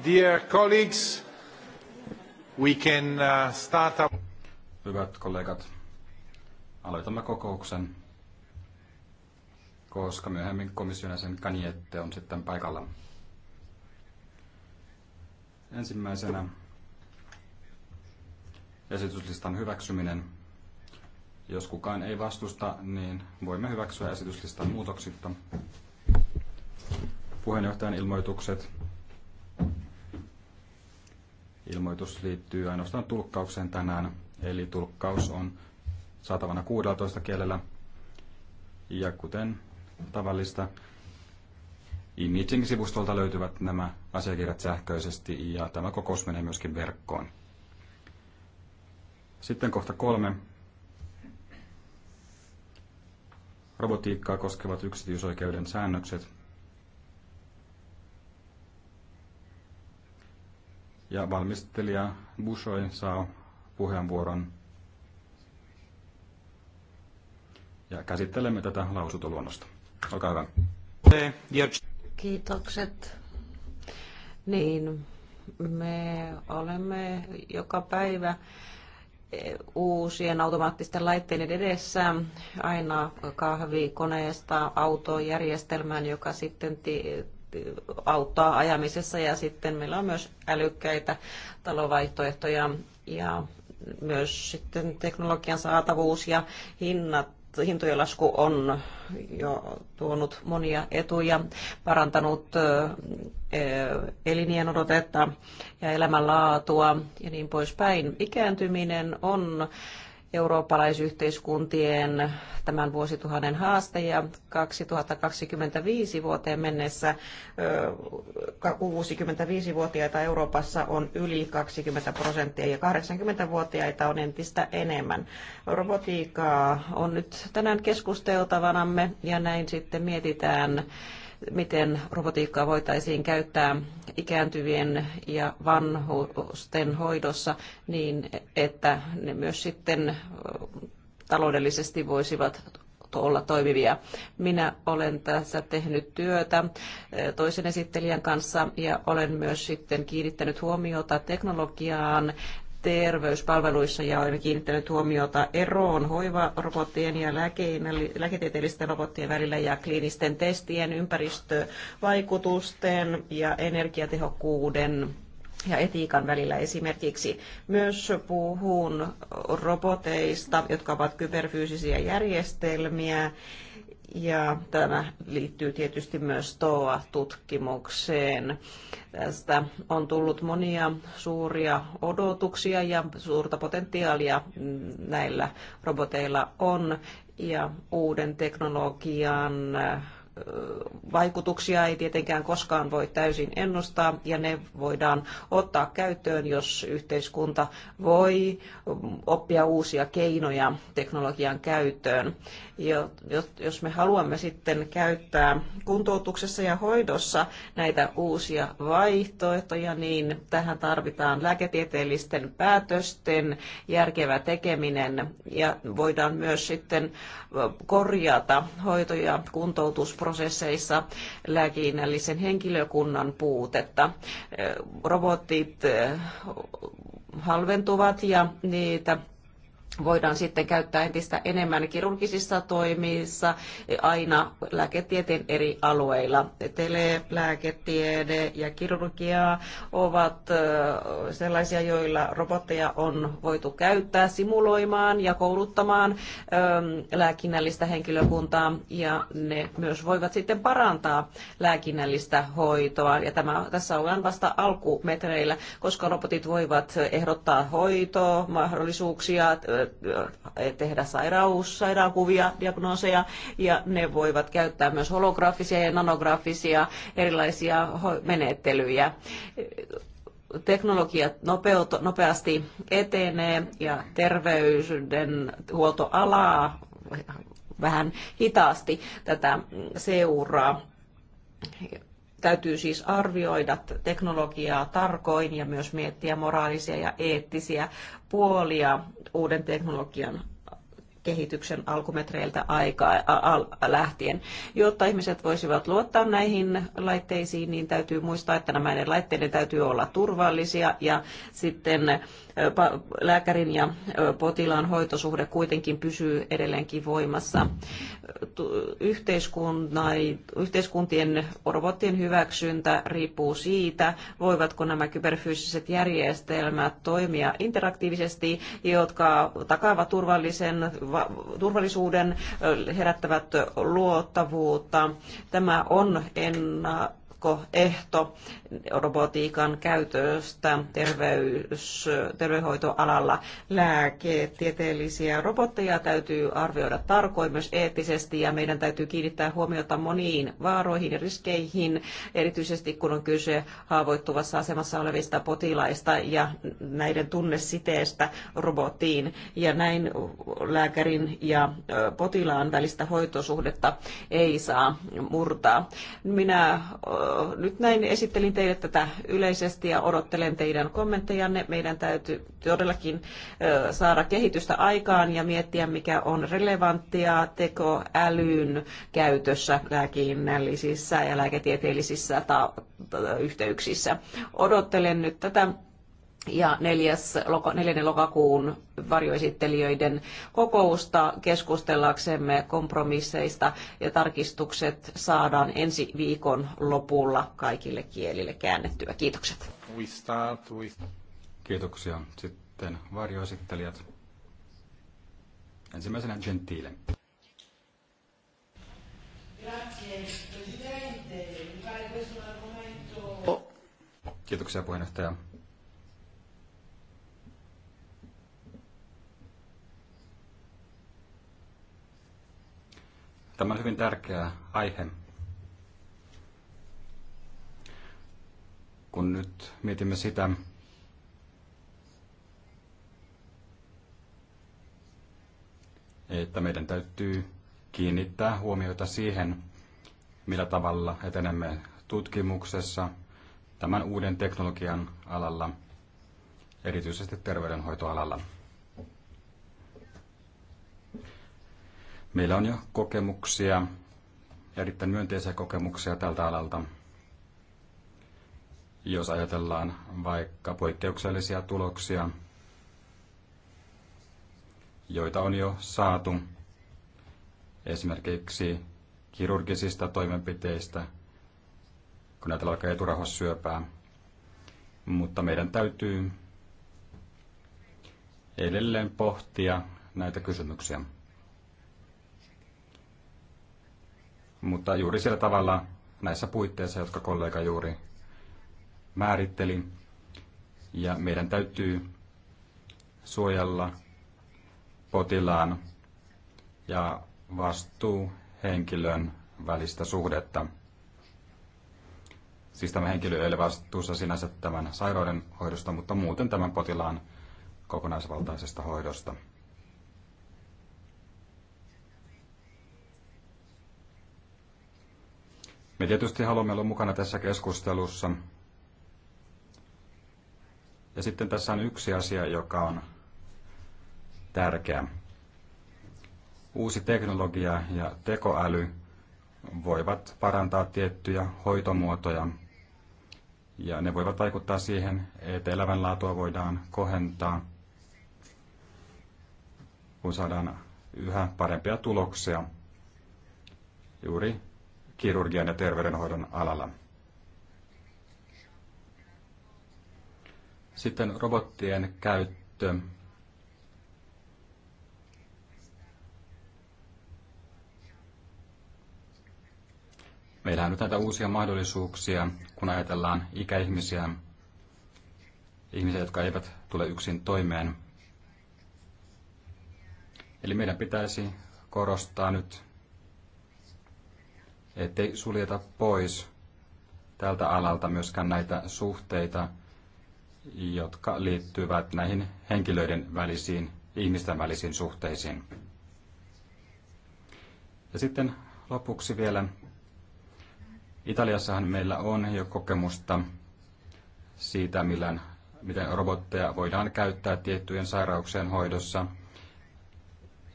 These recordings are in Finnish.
Uh, Hyvät kollegat, aloitamme kokouksen, koska myöhemmin komission jäsen Kaniette on sitten paikalla. Ensimmäisenä esityslistan hyväksyminen. Jos kukaan ei vastusta, niin voimme hyväksyä esityslistan muutoksitta. Puheenjohtajan ilmoitukset Ilmoitus liittyy ainoastaan tulkkaukseen tänään, eli tulkkaus on saatavana 16 kielellä. Ja kuten tavallista, imaging sivustolta löytyvät nämä asiakirjat sähköisesti ja tämä kokous menee myöskin verkkoon. Sitten kohta kolme. Robotiikkaa koskevat yksityisoikeuden säännökset – Ja valmistelija Bushoi saa puheenvuoron. Ja käsittelemme tätä lausuntoluonnosta. Olkaa hyvä. Kiitokset. Niin, me olemme joka päivä uusien automaattisten laitteiden edessä aina kahvikoneesta autojärjestelmään, joka sitten auttaa ajamisessa ja sitten meillä on myös älykkäitä talovaihtoehtoja ja myös sitten teknologian saatavuus ja hinnat hintojen lasku on jo tuonut monia etuja, parantanut elinien odotetta ja elämänlaatua ja niin poispäin. Ikääntyminen on eurooppalaisyhteiskuntien tämän vuosituhannen haaste ja 2025 vuoteen mennessä 65-vuotiaita Euroopassa on yli 20 prosenttia ja 80-vuotiaita on entistä enemmän. Robotiikkaa on nyt tänään keskusteltavanamme ja näin sitten mietitään miten robotiikkaa voitaisiin käyttää ikääntyvien ja vanhusten hoidossa niin, että ne myös sitten taloudellisesti voisivat olla toimivia. Minä olen tässä tehnyt työtä toisen esittelijän kanssa ja olen myös sitten kiinnittänyt huomiota teknologiaan terveyspalveluissa ja olemme kiinnittäneet huomiota eroon hoivarobottien ja lääketieteellisten robottien välillä ja kliinisten testien, ympäristövaikutusten ja energiatehokkuuden ja etiikan välillä esimerkiksi. Myös puhun roboteista, jotka ovat kyberfyysisiä järjestelmiä ja tämä liittyy tietysti myös TOA-tutkimukseen. Tästä on tullut monia suuria odotuksia ja suurta potentiaalia näillä roboteilla on. Ja uuden teknologian vaikutuksia ei tietenkään koskaan voi täysin ennustaa ja ne voidaan ottaa käyttöön, jos yhteiskunta voi oppia uusia keinoja teknologian käyttöön. Ja jos me haluamme sitten käyttää kuntoutuksessa ja hoidossa näitä uusia vaihtoehtoja, niin tähän tarvitaan lääketieteellisten päätösten järkevä tekeminen ja voidaan myös sitten korjata hoito- ja kuntoutus tutkimusprosesseissa lääkinnällisen henkilökunnan puutetta. Robotit eh, halventuvat ja niitä voidaan sitten käyttää entistä enemmän kirurgisissa toimissa aina lääketieteen eri alueilla. Telelääketiede ja kirurgia ovat sellaisia, joilla robotteja on voitu käyttää simuloimaan ja kouluttamaan lääkinnällistä henkilökuntaa ja ne myös voivat sitten parantaa lääkinnällistä hoitoa. Ja tämä, tässä ollaan vasta alkumetreillä, koska robotit voivat ehdottaa hoitoa, mahdollisuuksia, tehdä sairaus, sairaankuvia, diagnooseja, ja ne voivat käyttää myös holograafisia ja nanograafisia erilaisia menettelyjä teknologia nopeasti etenee ja terveydenhuoltoalaa vähän hitaasti tätä seuraa. Täytyy siis arvioida teknologiaa tarkoin ja myös miettiä moraalisia ja eettisiä puolia uuden teknologian kehityksen alkumetreiltä aikaa, lähtien. Jotta ihmiset voisivat luottaa näihin laitteisiin, niin täytyy muistaa, että nämä laitteiden täytyy olla turvallisia ja sitten lääkärin ja potilaan hoitosuhde kuitenkin pysyy edelleenkin voimassa. Yhteiskuntien robottien hyväksyntä riippuu siitä, voivatko nämä kyberfyysiset järjestelmät toimia interaktiivisesti, jotka takaavat turvallisen turvallisuuden, herättävät luottavuutta. Tämä on ennakkoehto robotiikan käytöstä terveys, terveydenhoitoalalla. Lääketieteellisiä robotteja täytyy arvioida tarkoin myös eettisesti ja meidän täytyy kiinnittää huomiota moniin vaaroihin ja riskeihin, erityisesti kun on kyse haavoittuvassa asemassa olevista potilaista ja näiden tunnesiteestä robottiin ja näin lääkärin ja potilaan välistä hoitosuhdetta ei saa murtaa. Minä nyt näin esittelin teille tätä yleisesti ja odottelen teidän kommenttejanne. Meidän täytyy todellakin saada kehitystä aikaan ja miettiä, mikä on relevanttia tekoälyn käytössä lääkinnällisissä ja lääketieteellisissä yhteyksissä. Odottelen nyt tätä ja 4. Loka, lokakuun varjoesittelijöiden kokousta keskustellaksemme kompromisseista ja tarkistukset saadaan ensi viikon lopulla kaikille kielille käännettyä. Kiitokset. Kiitoksia. Sitten varjoesittelijät. Ensimmäisenä Gentile. Kiitoksia puheenjohtaja. Tämä on hyvin tärkeä aihe. Kun nyt mietimme sitä, että meidän täytyy kiinnittää huomiota siihen, millä tavalla etenemme tutkimuksessa tämän uuden teknologian alalla, erityisesti terveydenhoitoalalla. Meillä on jo kokemuksia, erittäin myönteisiä kokemuksia tältä alalta. Jos ajatellaan vaikka poikkeuksellisia tuloksia, joita on jo saatu esimerkiksi kirurgisista toimenpiteistä, kun ajatellaan vaikka eturahossyöpää. Mutta meidän täytyy edelleen pohtia näitä kysymyksiä. mutta juuri sillä tavalla näissä puitteissa, jotka kollega juuri määritteli. Ja meidän täytyy suojella potilaan ja vastuuhenkilön välistä suhdetta. Siis tämä henkilö ei ole vastuussa sinänsä tämän sairauden hoidosta, mutta muuten tämän potilaan kokonaisvaltaisesta hoidosta. Me tietysti haluamme olla mukana tässä keskustelussa. Ja sitten tässä on yksi asia, joka on tärkeä. Uusi teknologia ja tekoäly voivat parantaa tiettyjä hoitomuotoja ja ne voivat vaikuttaa siihen, että elämänlaatua voidaan kohentaa, kun saadaan yhä parempia tuloksia juuri kirurgian ja terveydenhoidon alalla. Sitten robottien käyttö. Meillä on nyt näitä uusia mahdollisuuksia, kun ajatellaan ikäihmisiä, ihmisiä, jotka eivät tule yksin toimeen. Eli meidän pitäisi korostaa nyt ettei suljeta pois tältä alalta myöskään näitä suhteita, jotka liittyvät näihin henkilöiden välisiin, ihmisten välisiin suhteisiin. Ja sitten lopuksi vielä, Italiassahan meillä on jo kokemusta siitä, millään, miten robotteja voidaan käyttää tiettyjen sairauksien hoidossa,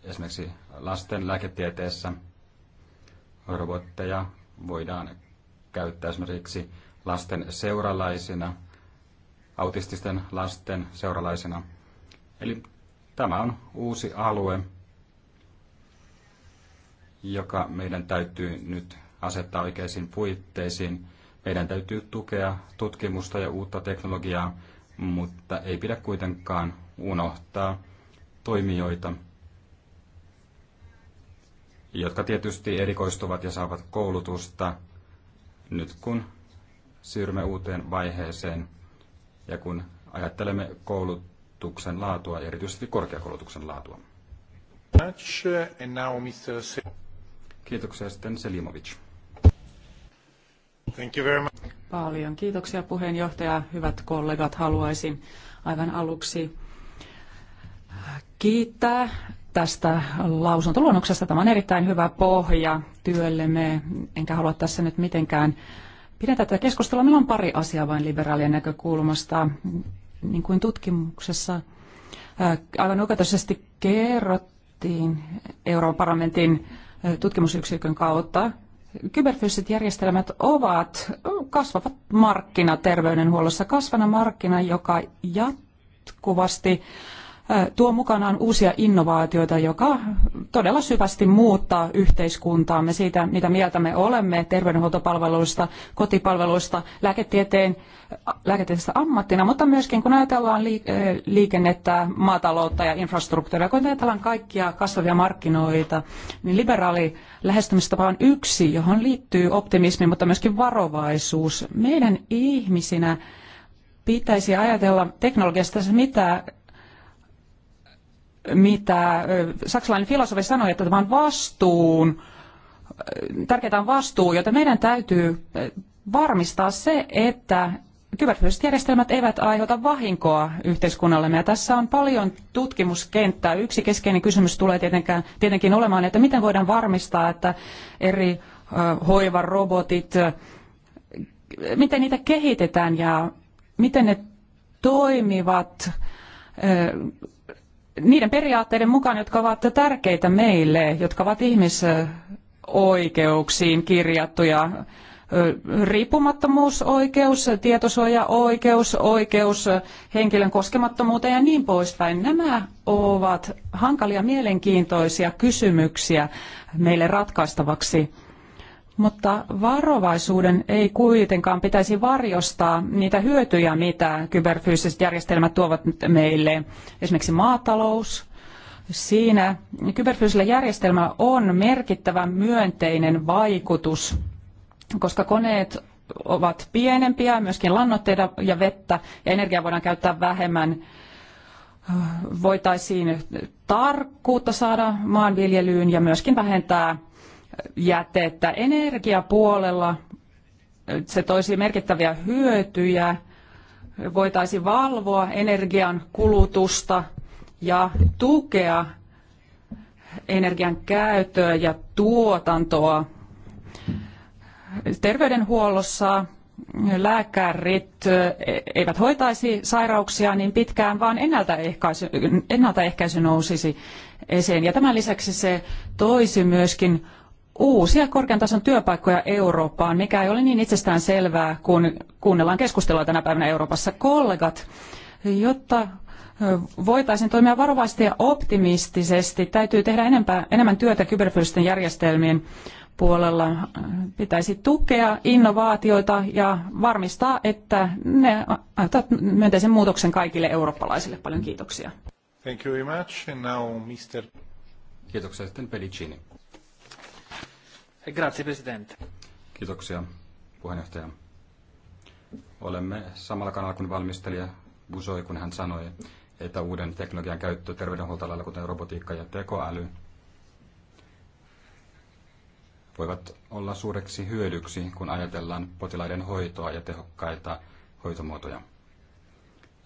esimerkiksi lasten lääketieteessä – robotteja voidaan käyttää esimerkiksi lasten seuralaisina, autististen lasten seuralaisina. Eli tämä on uusi alue, joka meidän täytyy nyt asettaa oikeisiin puitteisiin. Meidän täytyy tukea tutkimusta ja uutta teknologiaa, mutta ei pidä kuitenkaan unohtaa toimijoita, jotka tietysti erikoistuvat ja saavat koulutusta nyt kun siirrymme uuteen vaiheeseen ja kun ajattelemme koulutuksen laatua, erityisesti korkeakoulutuksen laatua. Kiitoksia sitten Selimovic. Thank you very much. Paljon kiitoksia puheenjohtaja. Hyvät kollegat, haluaisin aivan aluksi kiittää tästä lausuntoluonnoksesta. Tämä on erittäin hyvä pohja työllemme, enkä halua tässä nyt mitenkään pidetä tätä keskustelua. Meillä on pari asiaa vain liberaalien näkökulmasta. Niin kuin tutkimuksessa äh, aivan oikeutuisesti kerrottiin Euroopan parlamentin äh, tutkimusyksikön kautta, kyberfyysiset järjestelmät ovat kasvavat markkina terveydenhuollossa, kasvana markkina, joka jatkuvasti tuo mukanaan uusia innovaatioita, joka todella syvästi muuttaa yhteiskuntaamme siitä, mitä mieltä me olemme terveydenhuoltopalveluista, kotipalveluista, lääketieteen, lääketieteestä ammattina, mutta myöskin kun ajatellaan liikennettä, maataloutta ja infrastruktuuria, kun ajatellaan kaikkia kasvavia markkinoita, niin liberaali lähestymistapa on yksi, johon liittyy optimismi, mutta myöskin varovaisuus. Meidän ihmisinä pitäisi ajatella teknologiasta mitä mitä saksalainen filosofi sanoi, että tämä on vastuun, tärkeintä on vastuu, joten meidän täytyy varmistaa se, että kyberfyysiset järjestelmät eivät aiheuta vahinkoa yhteiskunnallemme. Ja tässä on paljon tutkimuskenttää. Yksi keskeinen kysymys tulee tietenkin olemaan, että miten voidaan varmistaa, että eri hoivarobotit, miten niitä kehitetään ja miten ne toimivat niiden periaatteiden mukaan, jotka ovat tärkeitä meille, jotka ovat ihmisoikeuksiin kirjattuja. Riippumattomuusoikeus, tietosuojaoikeus, oikeus henkilön koskemattomuuteen ja niin poispäin. Nämä ovat hankalia mielenkiintoisia kysymyksiä meille ratkaistavaksi mutta varovaisuuden ei kuitenkaan pitäisi varjostaa niitä hyötyjä, mitä kyberfyysiset järjestelmät tuovat meille. Esimerkiksi maatalous, siinä kyberfyysillä järjestelmällä on merkittävä myönteinen vaikutus, koska koneet ovat pienempiä, myöskin lannoitteita ja vettä ja energiaa voidaan käyttää vähemmän. Voitaisiin tarkkuutta saada maanviljelyyn ja myöskin vähentää jätettä. Energiapuolella se toisi merkittäviä hyötyjä. Voitaisiin valvoa energian kulutusta ja tukea energian käyttöä ja tuotantoa. Terveydenhuollossa lääkärit e, eivät hoitaisi sairauksia niin pitkään, vaan ennaltaehkäisy, ennaltaehkäisy nousisi esiin. Ja tämän lisäksi se toisi myöskin uusia korkean tason työpaikkoja Eurooppaan, mikä ei ole niin itsestään selvää, kun kuunnellaan keskustelua tänä päivänä Euroopassa. Kollegat, jotta voitaisiin toimia varovasti ja optimistisesti, täytyy tehdä enempää, enemmän työtä kyberfyysisten järjestelmien puolella. Pitäisi tukea innovaatioita ja varmistaa, että ne aiheuttavat myönteisen muutoksen kaikille eurooppalaisille. Paljon kiitoksia. Thank you very much. And now Mr. Kiitoksia sitten Grazie, Presidente. Kiitoksia, puheenjohtaja. Olemme samalla kanalla kuin valmistelija Busoi, kun hän sanoi, että uuden teknologian käyttö terveydenhuoltoalalla, kuten robotiikka ja tekoäly, voivat olla suureksi hyödyksi, kun ajatellaan potilaiden hoitoa ja tehokkaita hoitomuotoja.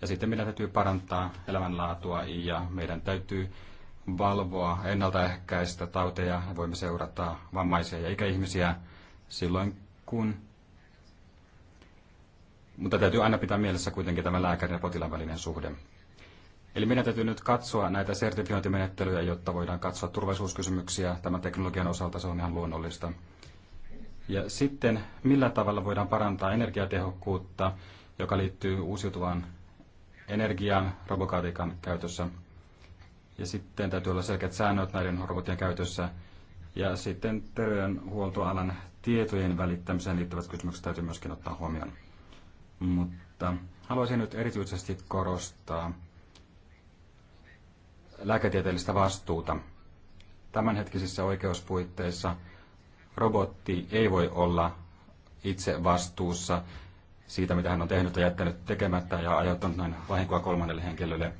Ja sitten meidän täytyy parantaa elämänlaatua ja meidän täytyy valvoa, ennaltaehkäistä tauteja, voimme seurata vammaisia ja ikäihmisiä silloin, kun... Mutta täytyy aina pitää mielessä kuitenkin tämä lääkärin ja potilaan välinen suhde. Eli meidän täytyy nyt katsoa näitä sertifiointimenettelyjä, jotta voidaan katsoa turvallisuuskysymyksiä tämän teknologian osalta, se on ihan luonnollista. Ja sitten, millä tavalla voidaan parantaa energiatehokkuutta, joka liittyy uusiutuvaan energiaan robokaatikan käytössä – ja sitten täytyy olla selkeät säännöt näiden robottien käytössä. Ja sitten terveydenhuoltoalan tietojen välittämiseen liittyvät kysymykset täytyy myöskin ottaa huomioon. Mutta haluaisin nyt erityisesti korostaa lääketieteellistä vastuuta. Tämänhetkisissä oikeuspuitteissa robotti ei voi olla itse vastuussa siitä, mitä hän on tehnyt ja jättänyt tekemättä ja aiheuttanut näin vahinkoa kolmannelle henkilölle –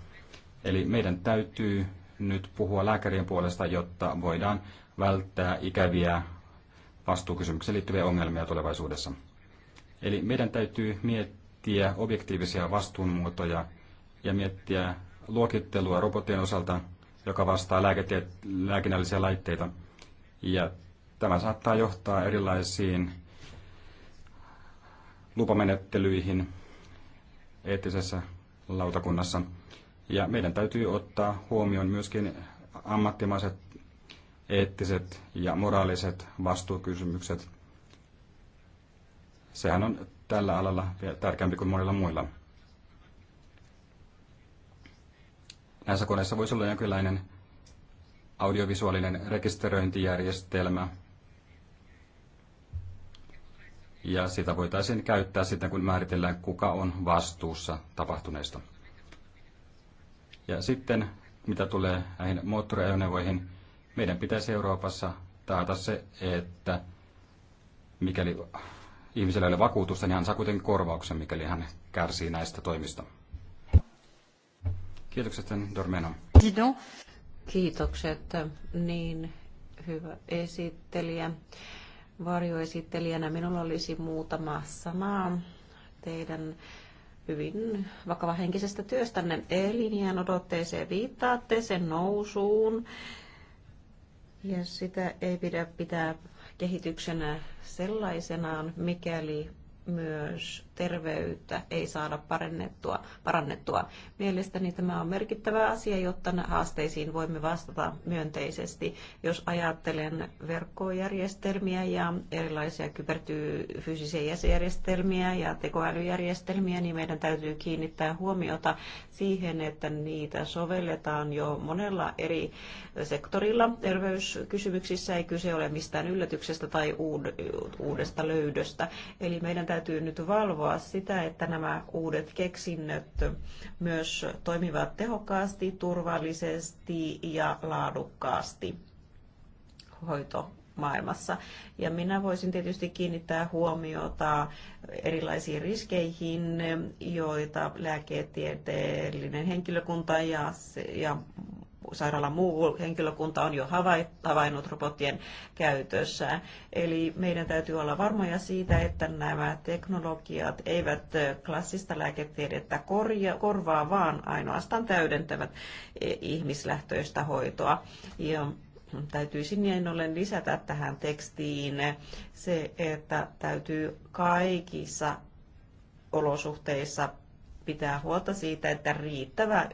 Eli meidän täytyy nyt puhua lääkärien puolesta, jotta voidaan välttää ikäviä vastuukysymykseen liittyviä ongelmia tulevaisuudessa. Eli meidän täytyy miettiä objektiivisia vastuunmuotoja ja miettiä luokittelua robottien osalta, joka vastaa lääketiet- lääkinnällisiä laitteita. Ja tämä saattaa johtaa erilaisiin lupamenettelyihin eettisessä lautakunnassa – ja meidän täytyy ottaa huomioon myöskin ammattimaiset eettiset ja moraaliset vastuukysymykset. Sehän on tällä alalla tärkeämpi kuin monilla muilla. Näissä koneissa voisi olla jonkinlainen audiovisuaalinen rekisteröintijärjestelmä, ja sitä voitaisiin käyttää sitten, kun määritellään, kuka on vastuussa tapahtuneesta. Ja sitten, mitä tulee näihin moottoriajoneuvoihin, meidän pitäisi Euroopassa taata se, että mikäli ihmisellä ei ole vakuutusta, niin hän saa kuitenkin korvauksen, mikäli hän kärsii näistä toimista. Kiitokset, Dormeno. Kiitokset, niin hyvä esittelijä. Varjoesittelijänä minulla olisi muutama sana teidän hyvin vakava henkisestä työstänne elinjään odotteeseen viittaatte, sen nousuun. Ja sitä ei pidä pitää kehityksenä sellaisenaan, mikäli myös terveyttä ei saada parannettua. parannettua. Mielestäni tämä on merkittävä asia, jotta haasteisiin voimme vastata myönteisesti. Jos ajattelen verkkojärjestelmiä ja erilaisia kyberfyysisiä järjestelmiä ja tekoälyjärjestelmiä, niin meidän täytyy kiinnittää huomiota siihen, että niitä sovelletaan jo monella eri sektorilla. Terveyskysymyksissä ei kyse ole mistään yllätyksestä tai uudesta löydöstä. Eli meidän täytyy nyt valvoa toivoa sitä, että nämä uudet keksinnöt myös toimivat tehokkaasti, turvallisesti ja laadukkaasti hoito maailmassa. Ja minä voisin tietysti kiinnittää huomiota erilaisiin riskeihin, joita lääketieteellinen henkilökunta ja, ja sairaalan muu henkilökunta on jo havainnut robottien käytössä. Eli meidän täytyy olla varmoja siitä, että nämä teknologiat eivät klassista lääketiedettä korja, korvaa, vaan ainoastaan täydentävät e, ihmislähtöistä hoitoa. Ja täytyisi niin ollen lisätä tähän tekstiin se, että täytyy kaikissa olosuhteissa pitää huolta siitä, että riittävä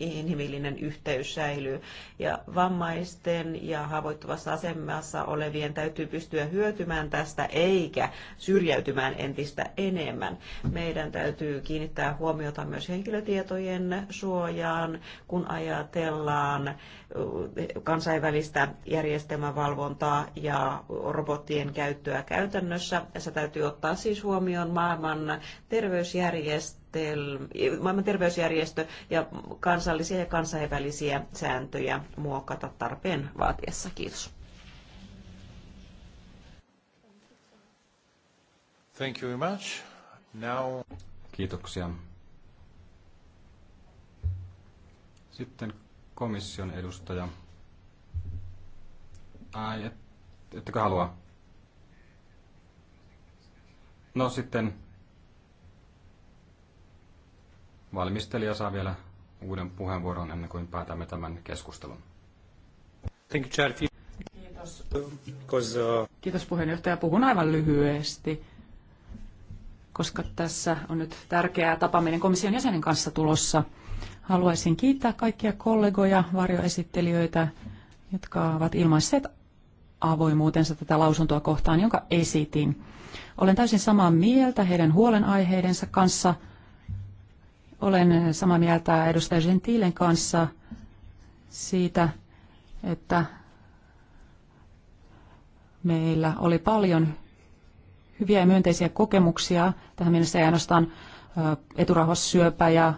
inhimillinen yhteys säilyy. Ja vammaisten ja haavoittuvassa asemassa olevien täytyy pystyä hyötymään tästä eikä syrjäytymään entistä enemmän. Meidän täytyy kiinnittää huomiota myös henkilötietojen suojaan, kun ajatellaan kansainvälistä järjestelmävalvontaa ja robottien käyttöä käytännössä. Se täytyy ottaa siis huomioon maailman terveysjärjestelmä maailman terveysjärjestö ja kansallisia ja kansainvälisiä sääntöjä muokata tarpeen vaatiessa. Kiitos. Thank you very much. Now... Kiitoksia. Sitten komission edustaja. Ai, et, ettekö halua? No sitten valmistelija saa vielä uuden puheenvuoron ennen kuin päätämme tämän keskustelun. Thank you, Chair. Kiitos. Uh, Kiitos puheenjohtaja. Puhun aivan lyhyesti, koska tässä on nyt tärkeää tapaaminen komission jäsenen kanssa tulossa. Haluaisin kiittää kaikkia kollegoja, varjoesittelijöitä, jotka ovat ilmaisseet avoimuutensa tätä lausuntoa kohtaan, jonka esitin. Olen täysin samaa mieltä heidän huolenaiheidensa kanssa – olen samaa mieltä edustaja Gentilen kanssa siitä, että meillä oli paljon hyviä ja myönteisiä kokemuksia. Tähän mennessä ei ainoastaan eturauhassyöpä ja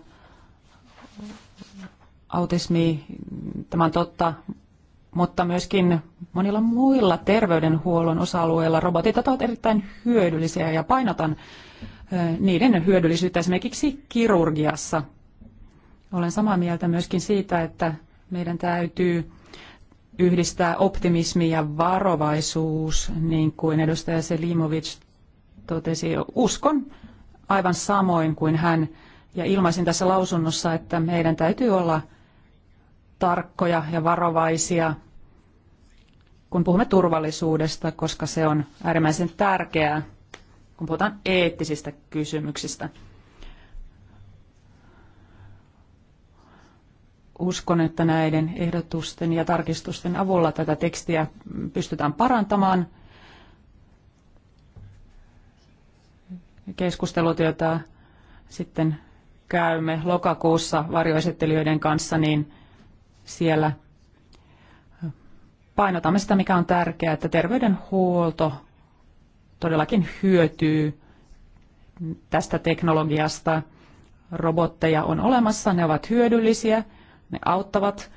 autismi, tämä on totta, mutta myöskin monilla muilla terveydenhuollon osa-alueilla robotit ovat erittäin hyödyllisiä ja painotan niiden hyödyllisyyttä esimerkiksi kirurgiassa. Olen samaa mieltä myöskin siitä, että meidän täytyy yhdistää optimismi ja varovaisuus, niin kuin edustaja Selimovic totesi. Uskon aivan samoin kuin hän, ja ilmaisin tässä lausunnossa, että meidän täytyy olla tarkkoja ja varovaisia, kun puhumme turvallisuudesta, koska se on äärimmäisen tärkeää kun puhutaan eettisistä kysymyksistä. Uskon, että näiden ehdotusten ja tarkistusten avulla tätä tekstiä pystytään parantamaan. Keskustelut, joita sitten käymme lokakuussa varjoesittelijöiden kanssa, niin siellä painotamme sitä, mikä on tärkeää, että terveydenhuolto todellakin hyötyy tästä teknologiasta. Robotteja on olemassa, ne ovat hyödyllisiä, ne auttavat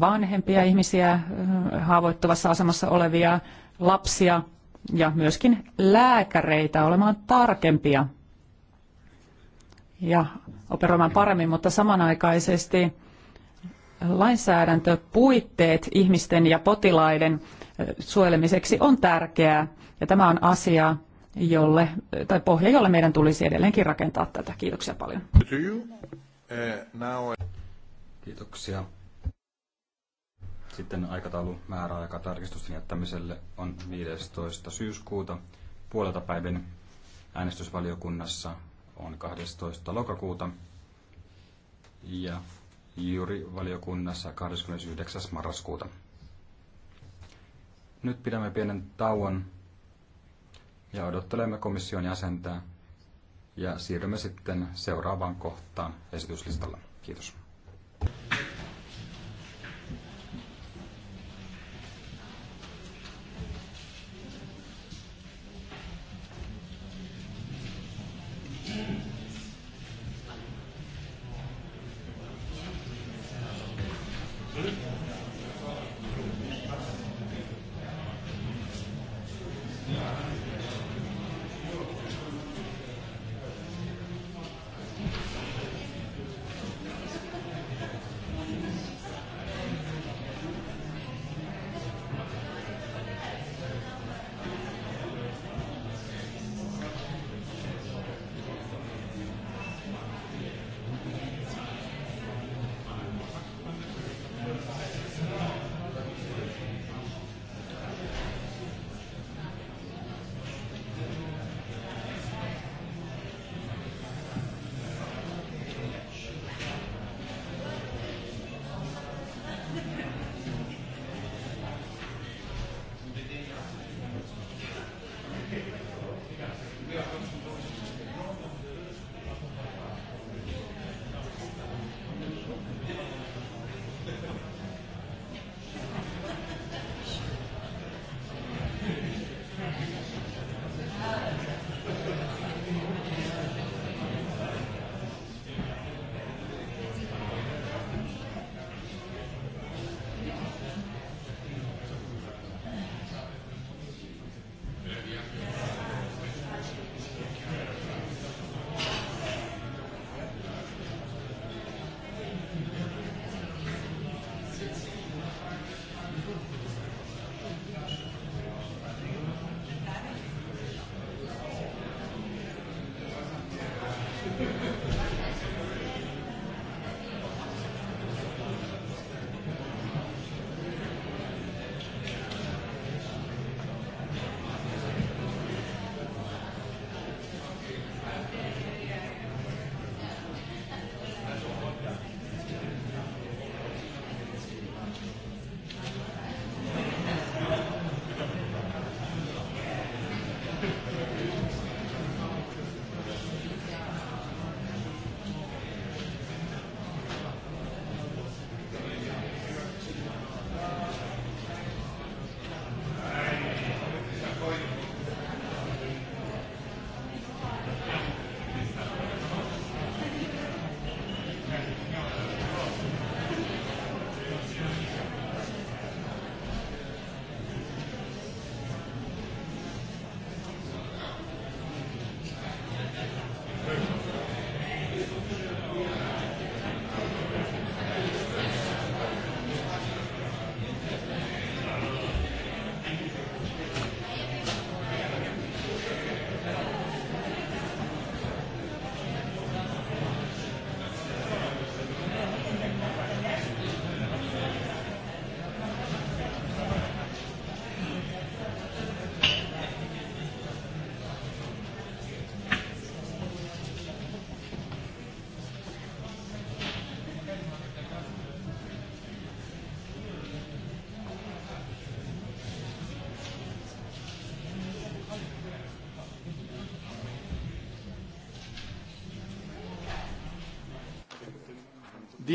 vanhempia ihmisiä, haavoittuvassa asemassa olevia lapsia ja myöskin lääkäreitä olemaan tarkempia ja operoimaan paremmin, mutta samanaikaisesti lainsäädäntöpuitteet ihmisten ja potilaiden suojelemiseksi on tärkeää. Ja tämä on asia, jolle, tai pohja, jolle meidän tulisi edelleenkin rakentaa tätä. Kiitoksia paljon. Eh, Kiitoksia. Sitten aikataulu määräaika tarkistusten jättämiselle on 15. syyskuuta puolelta päivän äänestysvaliokunnassa on 12. lokakuuta ja valiokunnassa 29. marraskuuta. Nyt pidämme pienen tauon ja odottelemme komission jäsentää ja siirrymme sitten seuraavaan kohtaan esityslistalla. Kiitos. Thank you.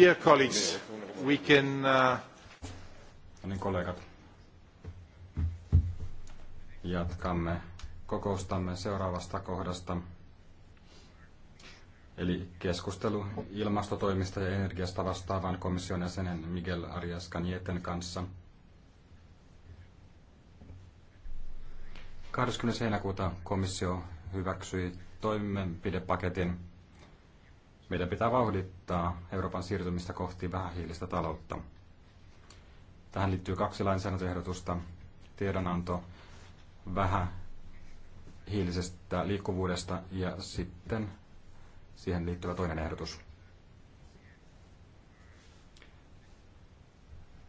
Dear colleagues, we can... Uh, no niin, kollegat. Jatkamme kokoustamme seuraavasta kohdasta. Eli keskustelu ilmastotoimista ja energiasta vastaavan komission jäsenen Miguel Arias Canieten kanssa. 20. heinäkuuta komissio hyväksyi toimenpidepaketin meidän pitää vauhdittaa Euroopan siirtymistä kohti vähähiilistä taloutta. Tähän liittyy kaksi lainsäädäntöehdotusta. Tiedonanto vähähiilisestä liikkuvuudesta ja sitten siihen liittyvä toinen ehdotus.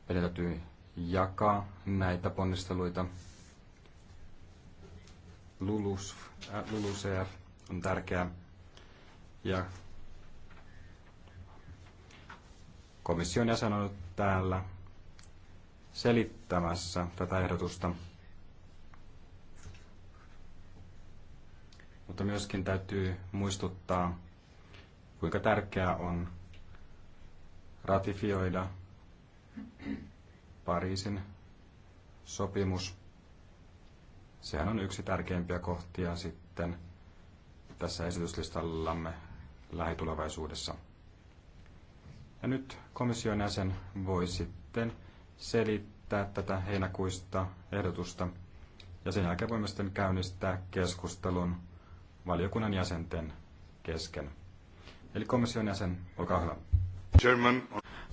Meidän täytyy jakaa näitä ponnisteluita. LULUCF äh, on tärkeä ja Komission jäsen on täällä selittämässä tätä ehdotusta. Mutta myöskin täytyy muistuttaa, kuinka tärkeää on ratifioida Pariisin sopimus. Sehän on yksi tärkeimpiä kohtia sitten tässä esityslistallamme lähitulevaisuudessa. Ja nyt komission jäsen voi sitten selittää tätä heinäkuista ehdotusta. Ja sen jälkeen voimme sitten käynnistää keskustelun valiokunnan jäsenten kesken. Eli komission jäsen, olkaa hyvä. German.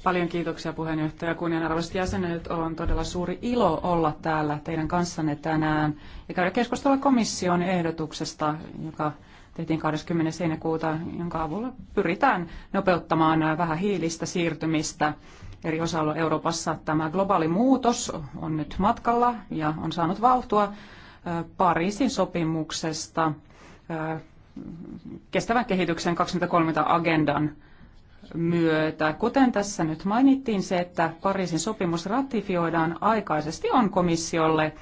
Paljon kiitoksia puheenjohtaja. Kunnianarvoiset jäsenet, on todella suuri ilo olla täällä teidän kanssanne tänään ja käydä keskustelua komission ehdotuksesta, joka tehtiin 20. heinäkuuta, jonka avulla pyritään nopeuttamaan vähän hiilistä siirtymistä eri osa Euroopassa. Tämä globaali muutos on nyt matkalla ja on saanut vauhtua Pariisin sopimuksesta kestävän kehityksen 2030 agendan myötä. Kuten tässä nyt mainittiin, se, että Pariisin sopimus ratifioidaan aikaisesti on komissiolle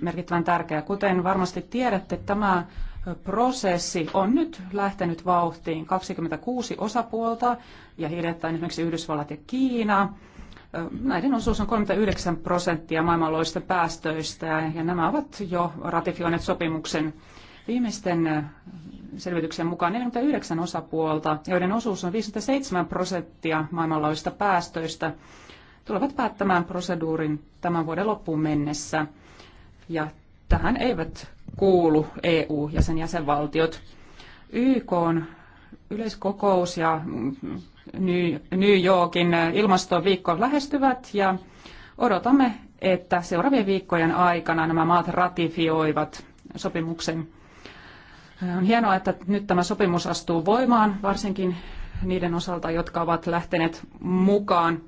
merkittävän tärkeä. Kuten varmasti tiedätte, tämä prosessi on nyt lähtenyt vauhtiin. 26 osapuolta ja hiljattain esimerkiksi Yhdysvallat ja Kiina. Näiden osuus on 39 prosenttia maailmanlaajuisista päästöistä ja nämä ovat jo ratifioineet sopimuksen viimeisten selvityksen mukaan 49 osapuolta, joiden osuus on 57 prosenttia maailmanlaajuisista päästöistä, tulevat päättämään proseduurin tämän vuoden loppuun mennessä. Ja tähän eivät kuulu EU ja sen jäsenvaltiot. YK on yleiskokous ja New Yorkin ilmastoviikko lähestyvät ja odotamme, että seuraavien viikkojen aikana nämä maat ratifioivat sopimuksen. On hienoa, että nyt tämä sopimus astuu voimaan, varsinkin niiden osalta, jotka ovat lähteneet mukaan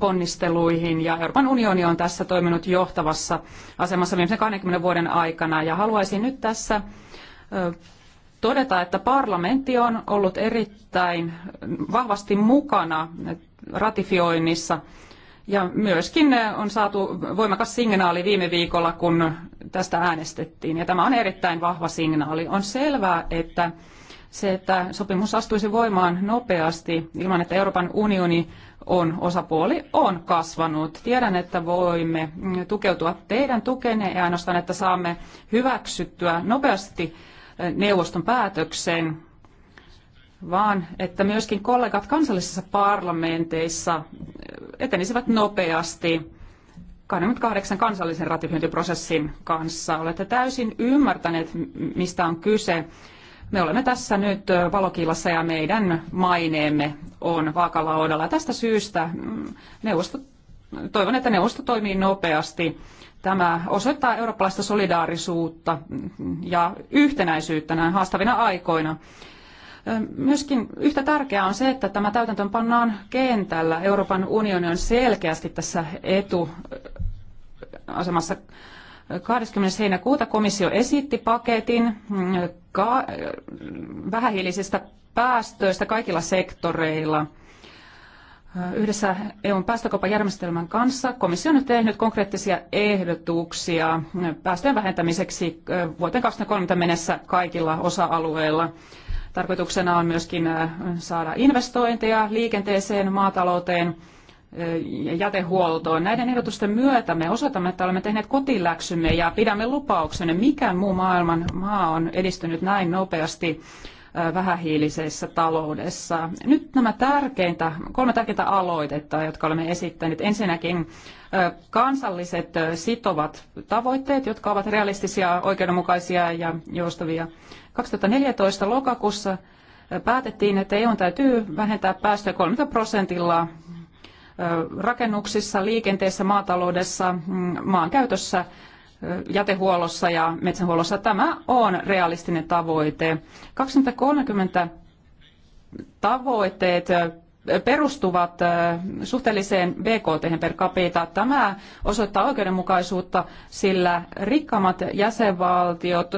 ponnisteluihin ja Euroopan unioni on tässä toiminut johtavassa asemassa viimeisen 20 vuoden aikana ja haluaisin nyt tässä todeta, että parlamentti on ollut erittäin vahvasti mukana ratifioinnissa ja myöskin on saatu voimakas signaali viime viikolla, kun tästä äänestettiin. Ja tämä on erittäin vahva signaali. On selvää, että se, että sopimus astuisi voimaan nopeasti ilman, että Euroopan unioni on osapuoli on kasvanut. Tiedän, että voimme tukeutua teidän tukenne ja ainoastaan, että saamme hyväksyttyä nopeasti eh, neuvoston päätöksen, vaan että myöskin kollegat kansallisissa parlamenteissa eh, etenisivät nopeasti 28 kansallisen ratifiointiprosessin kanssa. Olette täysin ymmärtäneet, mistä on kyse. Me olemme tässä nyt valokilassa ja meidän maineemme on vaakalaudalla. Tästä syystä mm, neuvosto, toivon, että neuvosto toimii nopeasti. Tämä osoittaa eurooppalaista solidaarisuutta mm, ja yhtenäisyyttä näin haastavina aikoina. Myöskin yhtä tärkeää on se, että tämä täytäntöön pannaan kentällä. Euroopan unioni on selkeästi tässä etuasemassa 20. heinäkuuta komissio esitti paketin mm, ka- vähähiilisistä päästöistä kaikilla sektoreilla. Yhdessä EUn päästökauppajärjestelmän kanssa komissio on nyt tehnyt konkreettisia ehdotuksia päästöjen vähentämiseksi vuoteen 2030 mennessä kaikilla osa-alueilla. Tarkoituksena on myöskin saada investointeja liikenteeseen, maatalouteen, ja jätehuoltoon. Näiden ehdotusten myötä me osoitamme, että olemme tehneet kotiläksymme ja pidämme lupauksenne. Mikä muu maailman maa on edistynyt näin nopeasti vähähiilisessä taloudessa? Nyt nämä tärkeintä, kolme tärkeintä aloitetta, jotka olemme esittäneet. Ensinnäkin kansalliset sitovat tavoitteet, jotka ovat realistisia, oikeudenmukaisia ja joustavia. 2014 lokakuussa päätettiin, että EU täytyy vähentää päästöjä 30 prosentilla rakennuksissa, liikenteessä, maataloudessa, mm, maankäytössä, jätehuollossa ja metsähuollossa. Tämä on realistinen tavoite. 2030 tavoitteet perustuvat suhteelliseen BKT per capita. Tämä osoittaa oikeudenmukaisuutta, sillä rikkaammat jäsenvaltiot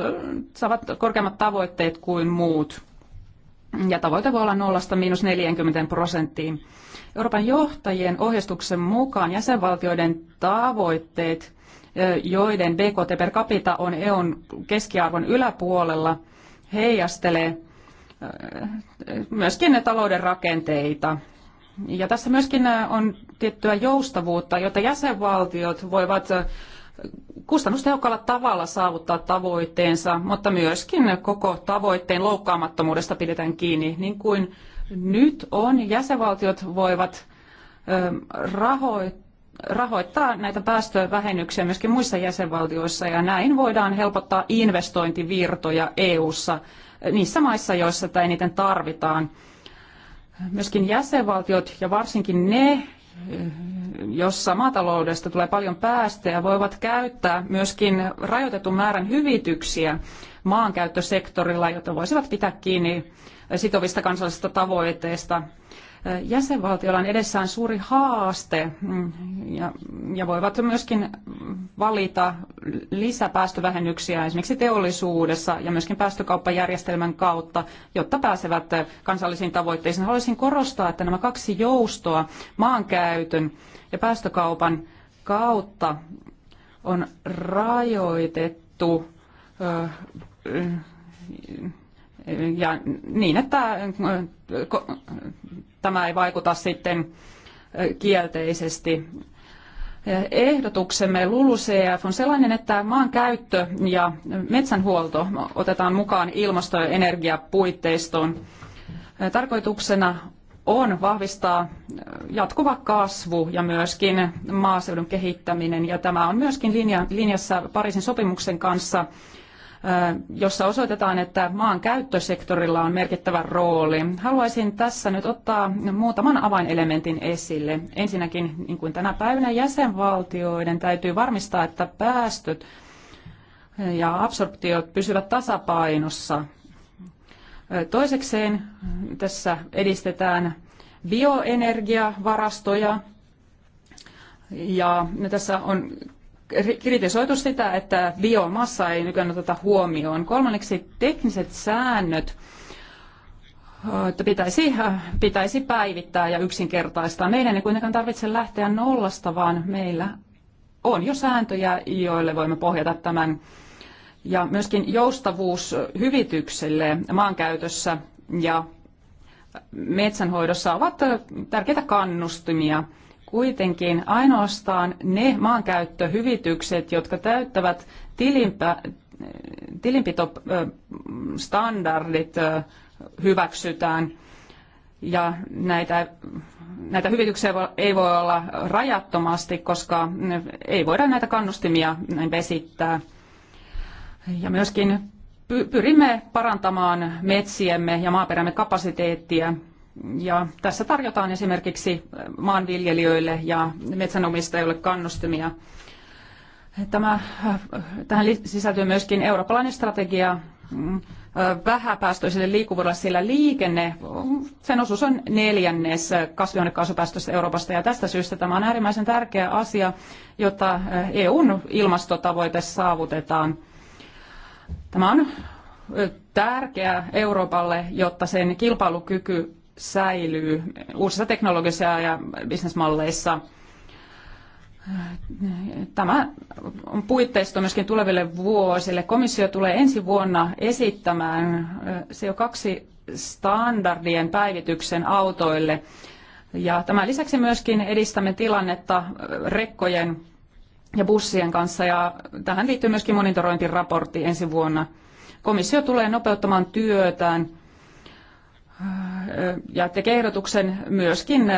saavat korkeammat tavoitteet kuin muut ja tavoite voi olla nollasta miinus 40 prosenttiin. Euroopan johtajien ohjeistuksen mukaan jäsenvaltioiden tavoitteet, joiden BKT per capita on EUn keskiarvon yläpuolella, heijastelee myöskin ne talouden rakenteita. Ja tässä myöskin on tiettyä joustavuutta, jotta jäsenvaltiot voivat kustannustehokkaalla tavalla saavuttaa tavoitteensa, mutta myöskin koko tavoitteen loukkaamattomuudesta pidetään kiinni. Niin kuin nyt on, jäsenvaltiot voivat ähm, rahoittaa näitä päästövähennyksiä myöskin muissa jäsenvaltioissa ja näin voidaan helpottaa investointivirtoja EU:ssa äh, niissä maissa, joissa tätä eniten tarvitaan. Myöskin jäsenvaltiot ja varsinkin ne jossa maataloudesta tulee paljon päästöjä, voivat käyttää myöskin rajoitetun määrän hyvityksiä maankäyttösektorilla, jotta voisivat pitää kiinni sitovista kansallisista tavoitteista jäsenvaltioilla on edessään suuri haaste mm, ja, ja voivat myöskin valita lisäpäästövähennyksiä esimerkiksi teollisuudessa ja myöskin päästökauppajärjestelmän kautta, jotta pääsevät kansallisiin tavoitteisiin. Haluaisin korostaa, että nämä kaksi joustoa maankäytön ja päästökaupan kautta on rajoitettu ja niin, että tämä ei vaikuta sitten kielteisesti. Ehdotuksemme LULUCF on sellainen, että maan käyttö ja metsänhuolto otetaan mukaan ilmasto- ja energiapuitteistoon. Tarkoituksena on vahvistaa jatkuva kasvu ja myöskin maaseudun kehittäminen. Ja tämä on myöskin linjassa Pariisin sopimuksen kanssa, jossa osoitetaan, että maan käyttösektorilla on merkittävä rooli. Haluaisin tässä nyt ottaa muutaman avainelementin esille. Ensinnäkin, niin kuin tänä päivänä, jäsenvaltioiden täytyy varmistaa, että päästöt ja absorptiot pysyvät tasapainossa. Toisekseen tässä edistetään bioenergiavarastoja, ja tässä on kritisoitu sitä, että biomassa ei nykyään oteta huomioon. Kolmanneksi tekniset säännöt äh, että pitäisi, äh, pitäisi päivittää ja yksinkertaistaa. Meidän ei kuitenkaan tarvitse lähteä nollasta, vaan meillä on jo sääntöjä, joille voimme pohjata tämän. Ja myöskin joustavuus hyvitykselle maankäytössä ja metsänhoidossa ovat tärkeitä kannustimia – Kuitenkin ainoastaan ne maankäyttöhyvitykset, jotka täyttävät tilinpä, tilinpitostandardit hyväksytään ja näitä, näitä hyvityksiä ei voi olla rajattomasti, koska ei voida näitä kannustimia näin vesittää. Ja myöskin pyrimme parantamaan metsiemme ja maaperämme kapasiteettia ja tässä tarjotaan esimerkiksi maanviljelijöille ja metsänomistajille kannustimia. Tämä, tähän sisältyy myöskin eurooppalainen strategia mm, vähäpäästöiselle liikkuvuudelle, sillä liikenne, mm, sen osuus on neljännes kasvihuonekaasupäästöistä Euroopasta, ja tästä syystä tämä on äärimmäisen tärkeä asia, jotta eh, EUn ilmastotavoite saavutetaan. Tämä on eh, tärkeää Euroopalle, jotta sen kilpailukyky säilyy uusissa teknologioissa ja bisnesmalleissa. Tämä on puitteisto myöskin tuleville vuosille. Komissio tulee ensi vuonna esittämään CO2-standardien äh, päivityksen autoille. Ja tämän lisäksi myöskin edistämme tilannetta äh, rekkojen ja bussien kanssa ja tähän liittyy myöskin monitorointiraportti ensi vuonna. Komissio tulee nopeuttamaan työtään – ja tekee ehdotuksen myöskin,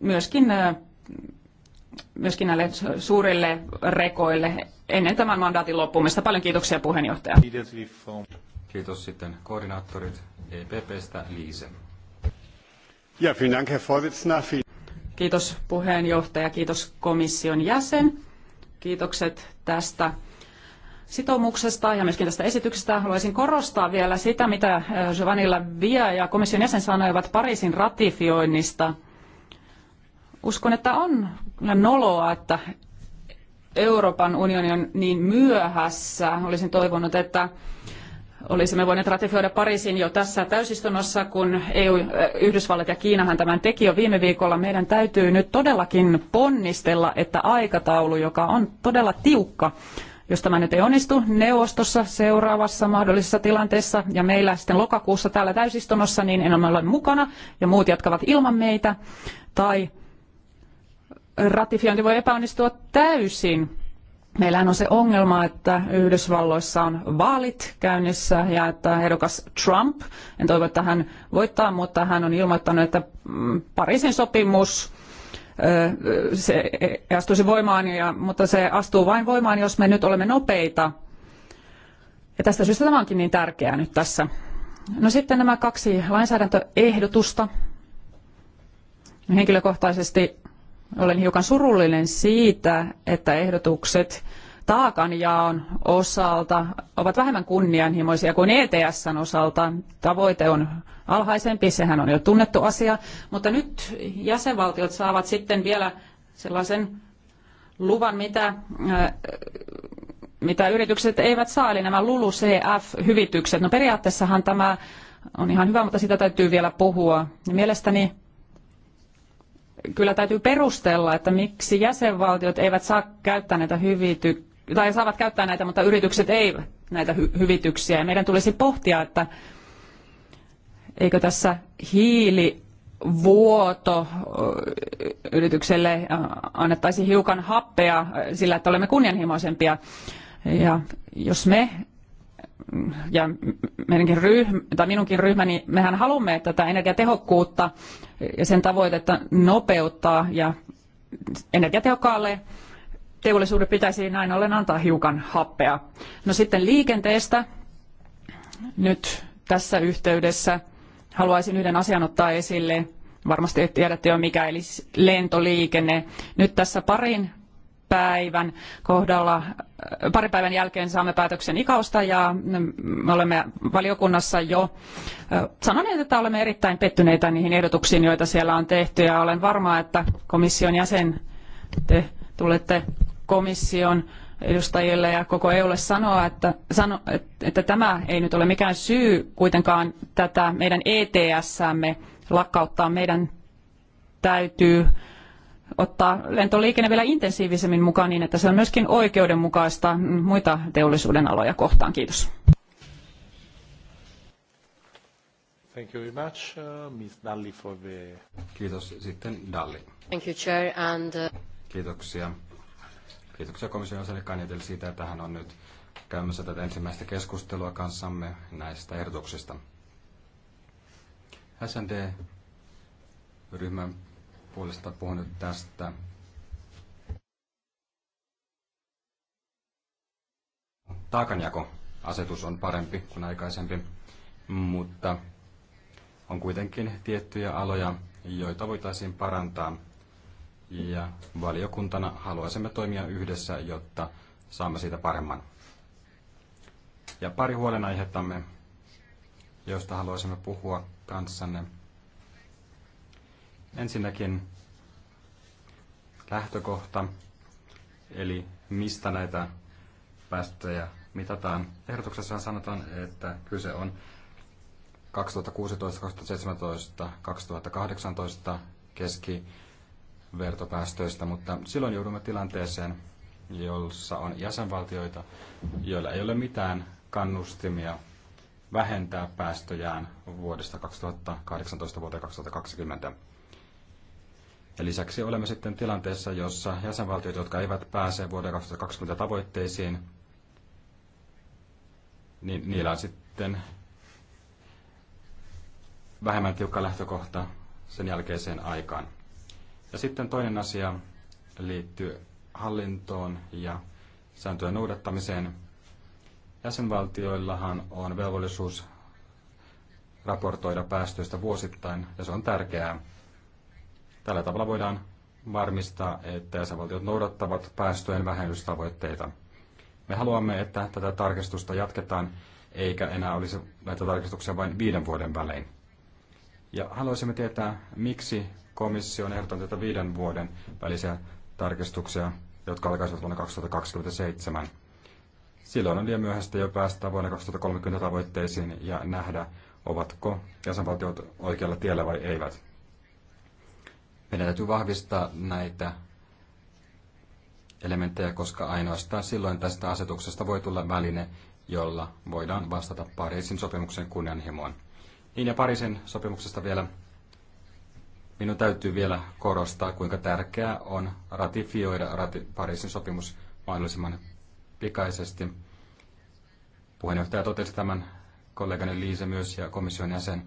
myöskin, myöskin näille suurille rekoille ennen tämän mandaatin loppumista. Paljon kiitoksia puheenjohtaja. Kiitos sitten koordinaattorit EPPstä Liise. Ja, dank, Herr Kiitos puheenjohtaja, kiitos komission jäsen. Kiitokset tästä sitoumuksesta ja myöskin tästä esityksestä. Haluaisin korostaa vielä sitä, mitä äh, Giovannilla Via ja komission jäsen sanoivat Pariisin ratifioinnista. Uskon, että on noloa, että Euroopan unioni on niin myöhässä. Olisin toivonut, että olisimme voineet ratifioida Pariisin jo tässä täysistunnossa, kun EU, äh, Yhdysvallat ja Kiinahan tämän teki jo viime viikolla. Meidän täytyy nyt todellakin ponnistella, että aikataulu, joka on todella tiukka, jos tämä nyt ei onnistu neuvostossa seuraavassa mahdollisessa tilanteessa ja meillä sitten lokakuussa täällä täysistunnossa, niin en ole mukana ja muut jatkavat ilman meitä. Tai ratifiointi voi epäonnistua täysin. Meillähän on se ongelma, että Yhdysvalloissa on vaalit käynnissä ja että ehdokas Trump, en toivo, että hän voittaa, mutta hän on ilmoittanut, että mm, Pariisin sopimus se astuisi voimaan, ja, mutta se astuu vain voimaan, jos me nyt olemme nopeita. Ja tästä syystä tämä onkin niin tärkeää nyt tässä. No sitten nämä kaksi lainsäädäntöehdotusta. Henkilökohtaisesti olen hiukan surullinen siitä, että ehdotukset taakanjaon osalta ovat vähemmän kunnianhimoisia kuin ETSn osalta. Tavoite on alhaisempi, sehän on jo tunnettu asia, mutta nyt jäsenvaltiot saavat sitten vielä sellaisen luvan, mitä, äh, mitä yritykset eivät saa, eli nämä LULU-CF-hyvitykset. No periaatteessahan tämä on ihan hyvä, mutta sitä täytyy vielä puhua. Mielestäni kyllä täytyy perustella, että miksi jäsenvaltiot eivät saa käyttää näitä hyvityksiä tai saavat käyttää näitä, mutta yritykset eivät näitä hy- hyvityksiä. Meidän tulisi pohtia, että eikö tässä hiilivuoto yritykselle annettaisi hiukan happea sillä, että olemme kunnianhimoisempia. Ja jos me mm, ja meidänkin ryhmä, tai minunkin ryhmäni, niin mehän haluamme tätä energiatehokkuutta ja sen tavoitetta nopeuttaa ja energiatehokkaalle teollisuuden pitäisi näin ollen antaa hiukan happea. No sitten liikenteestä. Nyt tässä yhteydessä haluaisin yhden asian ottaa esille. Varmasti tiedätte jo mikä, eli lentoliikenne. Nyt tässä parin päivän kohdalla, äh, parin päivän jälkeen saamme päätöksen ikausta ja me olemme valiokunnassa jo äh, sanoneet, että olemme erittäin pettyneitä niihin ehdotuksiin, joita siellä on tehty ja olen varma, että komission jäsen te tulette komission edustajille ja koko EUlle sanoa, että, sano, että tämä ei nyt ole mikään syy kuitenkaan tätä meidän ETS-sämme lakkauttaa. Meidän täytyy ottaa lentoliikenne vielä intensiivisemmin mukaan niin, että se on myöskin oikeudenmukaista muita teollisuuden aloja kohtaan. Kiitos. Thank you very much, uh, Ms. Dalli for the... Kiitos. Sitten Dalli. Thank you, Chair, and... Uh- Kiitoksia Kiitoksia komission jäsenelle Kanjetel siitä, että hän on nyt käymässä tätä ensimmäistä keskustelua kanssamme näistä ehdotuksista. SND-ryhmän puolesta puhun nyt tästä taakanjakoasetus on parempi kuin aikaisempi, mutta on kuitenkin tiettyjä aloja, joita voitaisiin parantaa ja valiokuntana haluaisimme toimia yhdessä, jotta saamme siitä paremman. Ja pari huolenaihettamme, joista haluaisimme puhua kanssanne. Ensinnäkin lähtökohta, eli mistä näitä päästöjä mitataan. Ehdotuksessaan sanotaan, että kyse on 2016, 2017, 2018 keski vertopäästöistä, mutta silloin joudumme tilanteeseen, jossa on jäsenvaltioita, joilla ei ole mitään kannustimia vähentää päästöjään vuodesta 2018 vuoteen 2020. Ja lisäksi olemme sitten tilanteessa, jossa jäsenvaltiot, jotka eivät pääse vuoden 2020 tavoitteisiin, niin niillä on sitten vähemmän tiukka lähtökohta sen jälkeiseen aikaan. Ja sitten toinen asia liittyy hallintoon ja sääntöjen noudattamiseen. Jäsenvaltioillahan on velvollisuus raportoida päästöistä vuosittain, ja se on tärkeää. Tällä tavalla voidaan varmistaa, että jäsenvaltiot noudattavat päästöjen vähennystavoitteita. Me haluamme, että tätä tarkistusta jatketaan, eikä enää olisi näitä tarkistuksia vain viiden vuoden välein. Ja haluaisimme tietää, miksi komissio on ehdottanut tätä viiden vuoden välisiä tarkistuksia, jotka alkaisivat vuonna 2027. Silloin on liian myöhäistä jo päästä vuonna 2030 tavoitteisiin ja nähdä, ovatko jäsenvaltiot oikealla tiellä vai eivät. Meidän täytyy vahvistaa näitä elementtejä, koska ainoastaan silloin tästä asetuksesta voi tulla väline, jolla voidaan vastata Pariisin sopimuksen kunnianhimoon. Niin ja Pariisin sopimuksesta vielä. Minun täytyy vielä korostaa, kuinka tärkeää on ratifioida rati- Pariisin sopimus mahdollisimman pikaisesti. Puheenjohtaja totesi tämän kollegani Liise myös ja komission jäsen.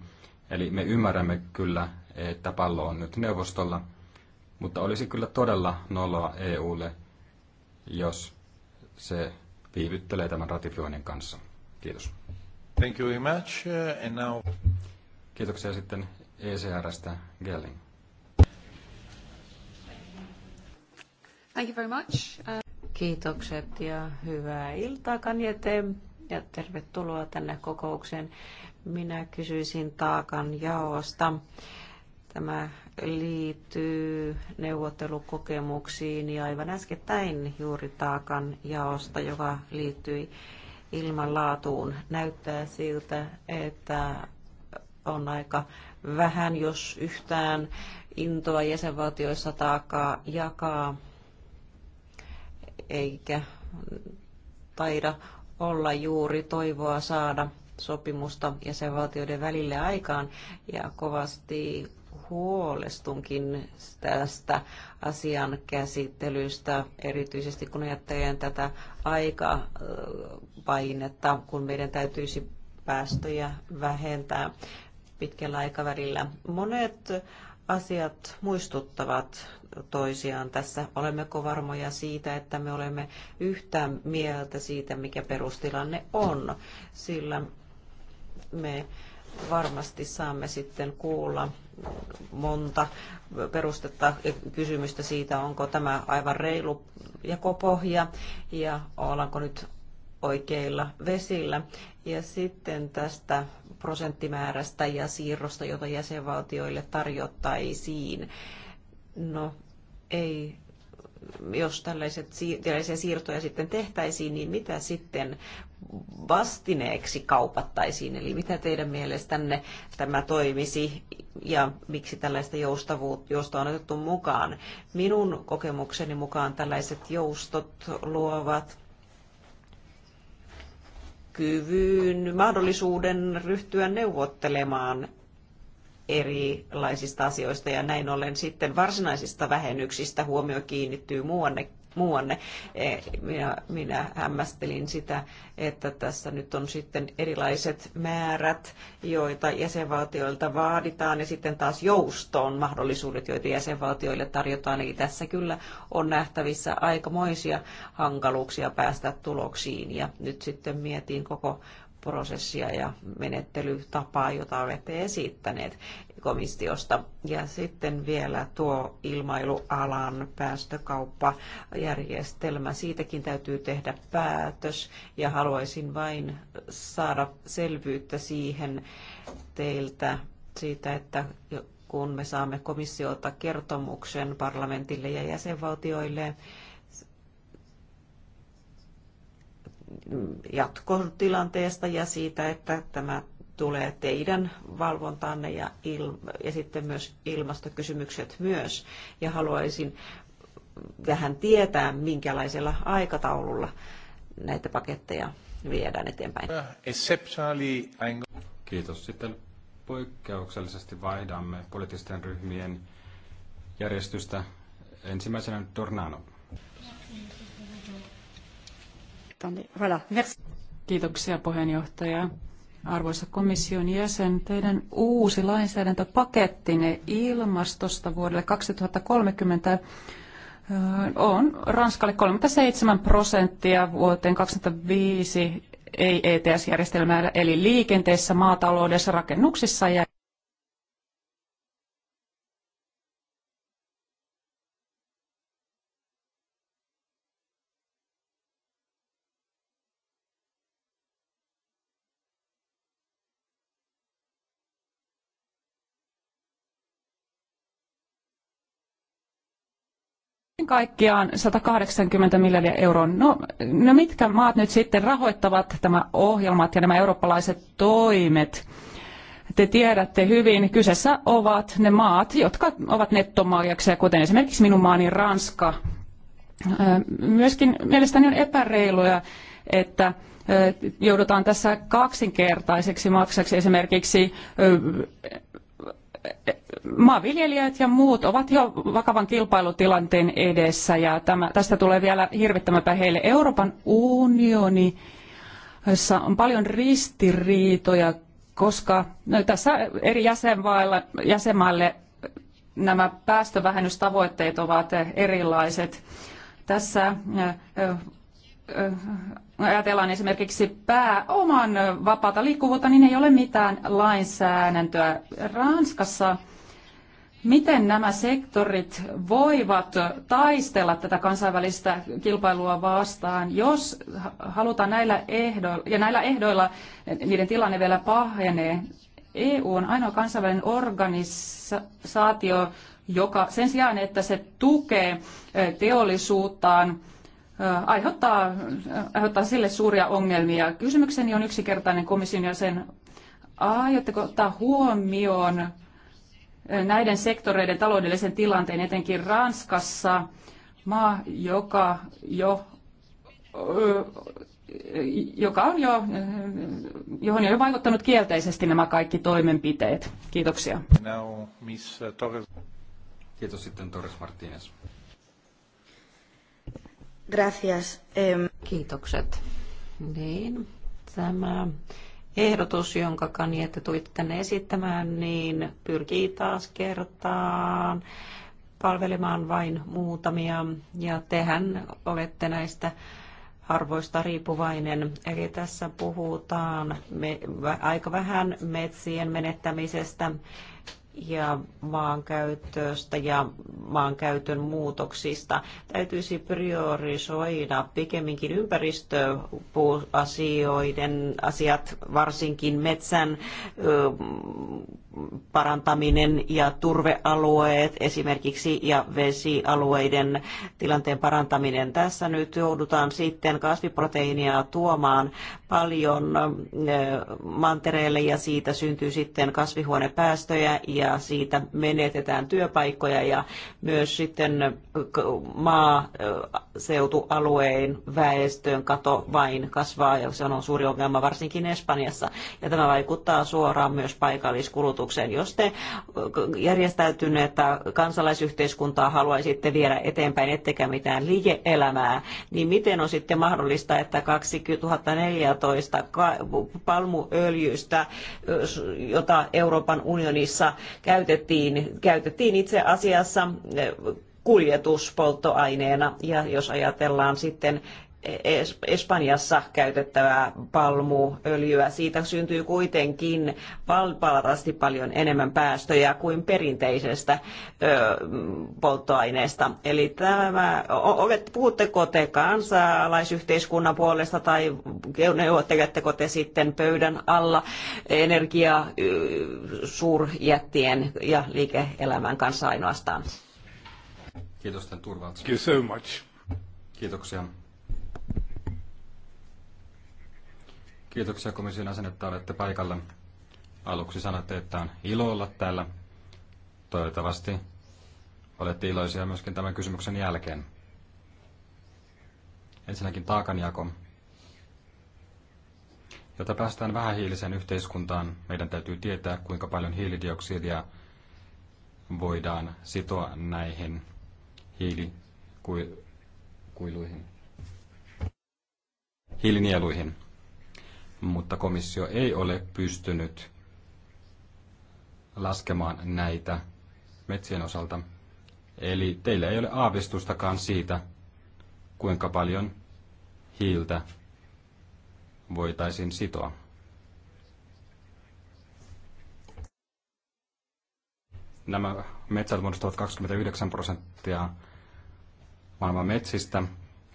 Eli me ymmärrämme kyllä, että pallo on nyt neuvostolla, mutta olisi kyllä todella noloa EUlle, jos se viivyttelee tämän ratifioinnin kanssa. Kiitos. Thank you very much. Uh, and now... Kiitoksia sitten ECRstä Gelling. Thank you very much. Uh- Kiitokset ja hyvää iltaa Kanjete ja tervetuloa tänne kokoukseen. Minä kysyisin taakan jaosta. Tämä liittyy neuvottelukokemuksiin ja aivan äskettäin juuri taakan jaosta, joka liittyi ilmanlaatuun. Näyttää siltä, että on aika vähän, jos yhtään intoa jäsenvaltioissa taakaa jakaa, eikä taida olla juuri toivoa saada sopimusta jäsenvaltioiden välille aikaan ja kovasti huolestunkin tästä asian käsittelystä, erityisesti kun ajattelen tätä aikapainetta, kun meidän täytyisi päästöjä vähentää pitkällä aikavälillä. Monet asiat muistuttavat toisiaan tässä. Olemmeko varmoja siitä, että me olemme yhtä mieltä siitä, mikä perustilanne on, sillä me varmasti saamme sitten kuulla monta perustetta ja kysymystä siitä, onko tämä aivan reilu jakopohja ja ollaanko nyt oikeilla vesillä. Ja sitten tästä prosenttimäärästä ja siirrosta, jota jäsenvaltioille tarjottaisiin. No, ei jos tällaiset, tällaisia siirtoja sitten tehtäisiin, niin mitä sitten vastineeksi kaupattaisiin? Eli mitä teidän mielestänne tämä toimisi ja miksi tällaista josta on otettu mukaan? Minun kokemukseni mukaan tällaiset joustot luovat kyvyn, mahdollisuuden ryhtyä neuvottelemaan erilaisista asioista ja näin ollen sitten varsinaisista vähennyksistä huomio kiinnittyy muuanne muuanne. E, minä, minä hämmästelin sitä, että tässä nyt on sitten erilaiset määrät, joita jäsenvaltioilta vaaditaan, ja sitten taas joustoon mahdollisuudet, joita jäsenvaltioille tarjotaan. Eli tässä kyllä on nähtävissä aikamoisia hankaluuksia päästä tuloksiin, ja nyt sitten mietin koko prosessia ja menettelytapaa, jota olette esittäneet komissiosta. Ja sitten vielä tuo ilmailualan päästökauppajärjestelmä. Siitäkin täytyy tehdä päätös ja haluaisin vain saada selvyyttä siihen teiltä siitä, että kun me saamme komissiolta kertomuksen parlamentille ja jäsenvaltioille, jatkotilanteesta ja siitä, että tämä tulee teidän valvontaanne ja, il, ja sitten myös ilmastokysymykset myös. Ja haluaisin vähän tietää, minkälaisella aikataululla näitä paketteja viedään eteenpäin. Kiitos. Sitten poikkeuksellisesti vaihdamme poliittisten ryhmien järjestystä. Ensimmäisenä Tornano. Kiitoksia puheenjohtaja. Arvoisa komission jäsen, teidän uusi lainsäädäntöpakettinne ilmastosta vuodelle 2030 on Ranskalle 37 prosenttia vuoteen 2025 ei ETS-järjestelmää, eli liikenteessä, maataloudessa, rakennuksissa ja kaikkiaan 180 miljardia euroa. No, no mitkä maat nyt sitten rahoittavat tämä ohjelmat ja nämä eurooppalaiset toimet? Te tiedätte hyvin, kyseessä ovat ne maat, jotka ovat nettomaajaksia, kuten esimerkiksi minun maani Ranska. Myöskin mielestäni on epäreiluja, että joudutaan tässä kaksinkertaiseksi maksaksi esimerkiksi maanviljelijät ja muut ovat jo vakavan kilpailutilanteen edessä ja tämä, tästä tulee vielä hirvittämäpä heille. Euroopan unioni on paljon ristiriitoja, koska no, tässä eri jäsenmaille nämä päästövähennystavoitteet ovat erilaiset. Tässä ajatellaan esimerkiksi pääoman vapaata liikkuvuutta, niin ei ole mitään lainsäädäntöä. Ranskassa Miten nämä sektorit voivat taistella tätä kansainvälistä kilpailua vastaan, jos halutaan näillä ehdoilla, ja näillä ehdoilla niiden tilanne vielä pahenee? EU on ainoa kansainvälinen organisaatio, joka sen sijaan, että se tukee teollisuuttaan, aiheuttaa, aiheuttaa sille suuria ongelmia. Kysymykseni on yksinkertainen komission jäsen. Aiotteko ottaa huomioon näiden sektoreiden taloudellisen tilanteen, etenkin Ranskassa, maa, joka jo joka on jo, johon on jo vaikuttanut kielteisesti nämä kaikki toimenpiteet. Kiitoksia. Now, Miss Torres. Kiitos sitten Torres Martínez. Gracias. Kiitokset. Niin, tämä ehdotus, jonka Kaniette tulitte tänne esittämään, niin pyrkii taas kertaan palvelemaan vain muutamia, ja tehän olette näistä harvoista riippuvainen. Eli tässä puhutaan me, aika vähän metsien menettämisestä ja maankäytöstä ja maankäytön muutoksista. Täytyisi priorisoida pikemminkin ympäristöasioiden asiat, varsinkin metsän parantaminen ja turvealueet esimerkiksi ja vesialueiden tilanteen parantaminen. Tässä nyt joudutaan sitten kasviproteiinia tuomaan paljon mantereelle ja siitä syntyy sitten kasvihuonepäästöjä ja siitä menetetään työpaikkoja ja myös sitten maaseutualueen väestön kato vain kasvaa ja se on suuri ongelma varsinkin Espanjassa ja tämä vaikuttaa suoraan myös paikalliskulutukseen koulutukseen. Jos te järjestäytyneitä kansalaisyhteiskuntaa haluaisitte viedä eteenpäin, ettekä mitään liike-elämää, niin miten on sitten mahdollista, että 2014 palmuöljystä, jota Euroopan unionissa käytettiin, käytettiin itse asiassa kuljetuspolttoaineena. Ja jos ajatellaan sitten Espanjassa käytettävää palmuöljyä. Siitä syntyy kuitenkin valtavasti paljon enemmän päästöjä kuin perinteisestä polttoaineesta. Eli tämä, olet, puhutteko te kansalaisyhteiskunnan puolesta tai neuvotteletteko te sitten pöydän alla energia suurjättien ja liike-elämän kanssa ainoastaan? Kiitos tämän turvallisuuden. so much. Kiitoksia. Kiitoksia komission jäsen, että olette paikalla. Aluksi sanotte, että on ilo olla täällä. Toivottavasti olette iloisia myöskin tämän kysymyksen jälkeen. Ensinnäkin taakanjako. Jotta päästään vähähiiliseen yhteiskuntaan, meidän täytyy tietää, kuinka paljon hiilidioksidia voidaan sitoa näihin hiilikuiluihin, hiilinieluihin mutta komissio ei ole pystynyt laskemaan näitä metsien osalta. Eli teillä ei ole aavistustakaan siitä, kuinka paljon hiiltä voitaisiin sitoa. Nämä metsät muodostavat 29 prosenttia maailman metsistä.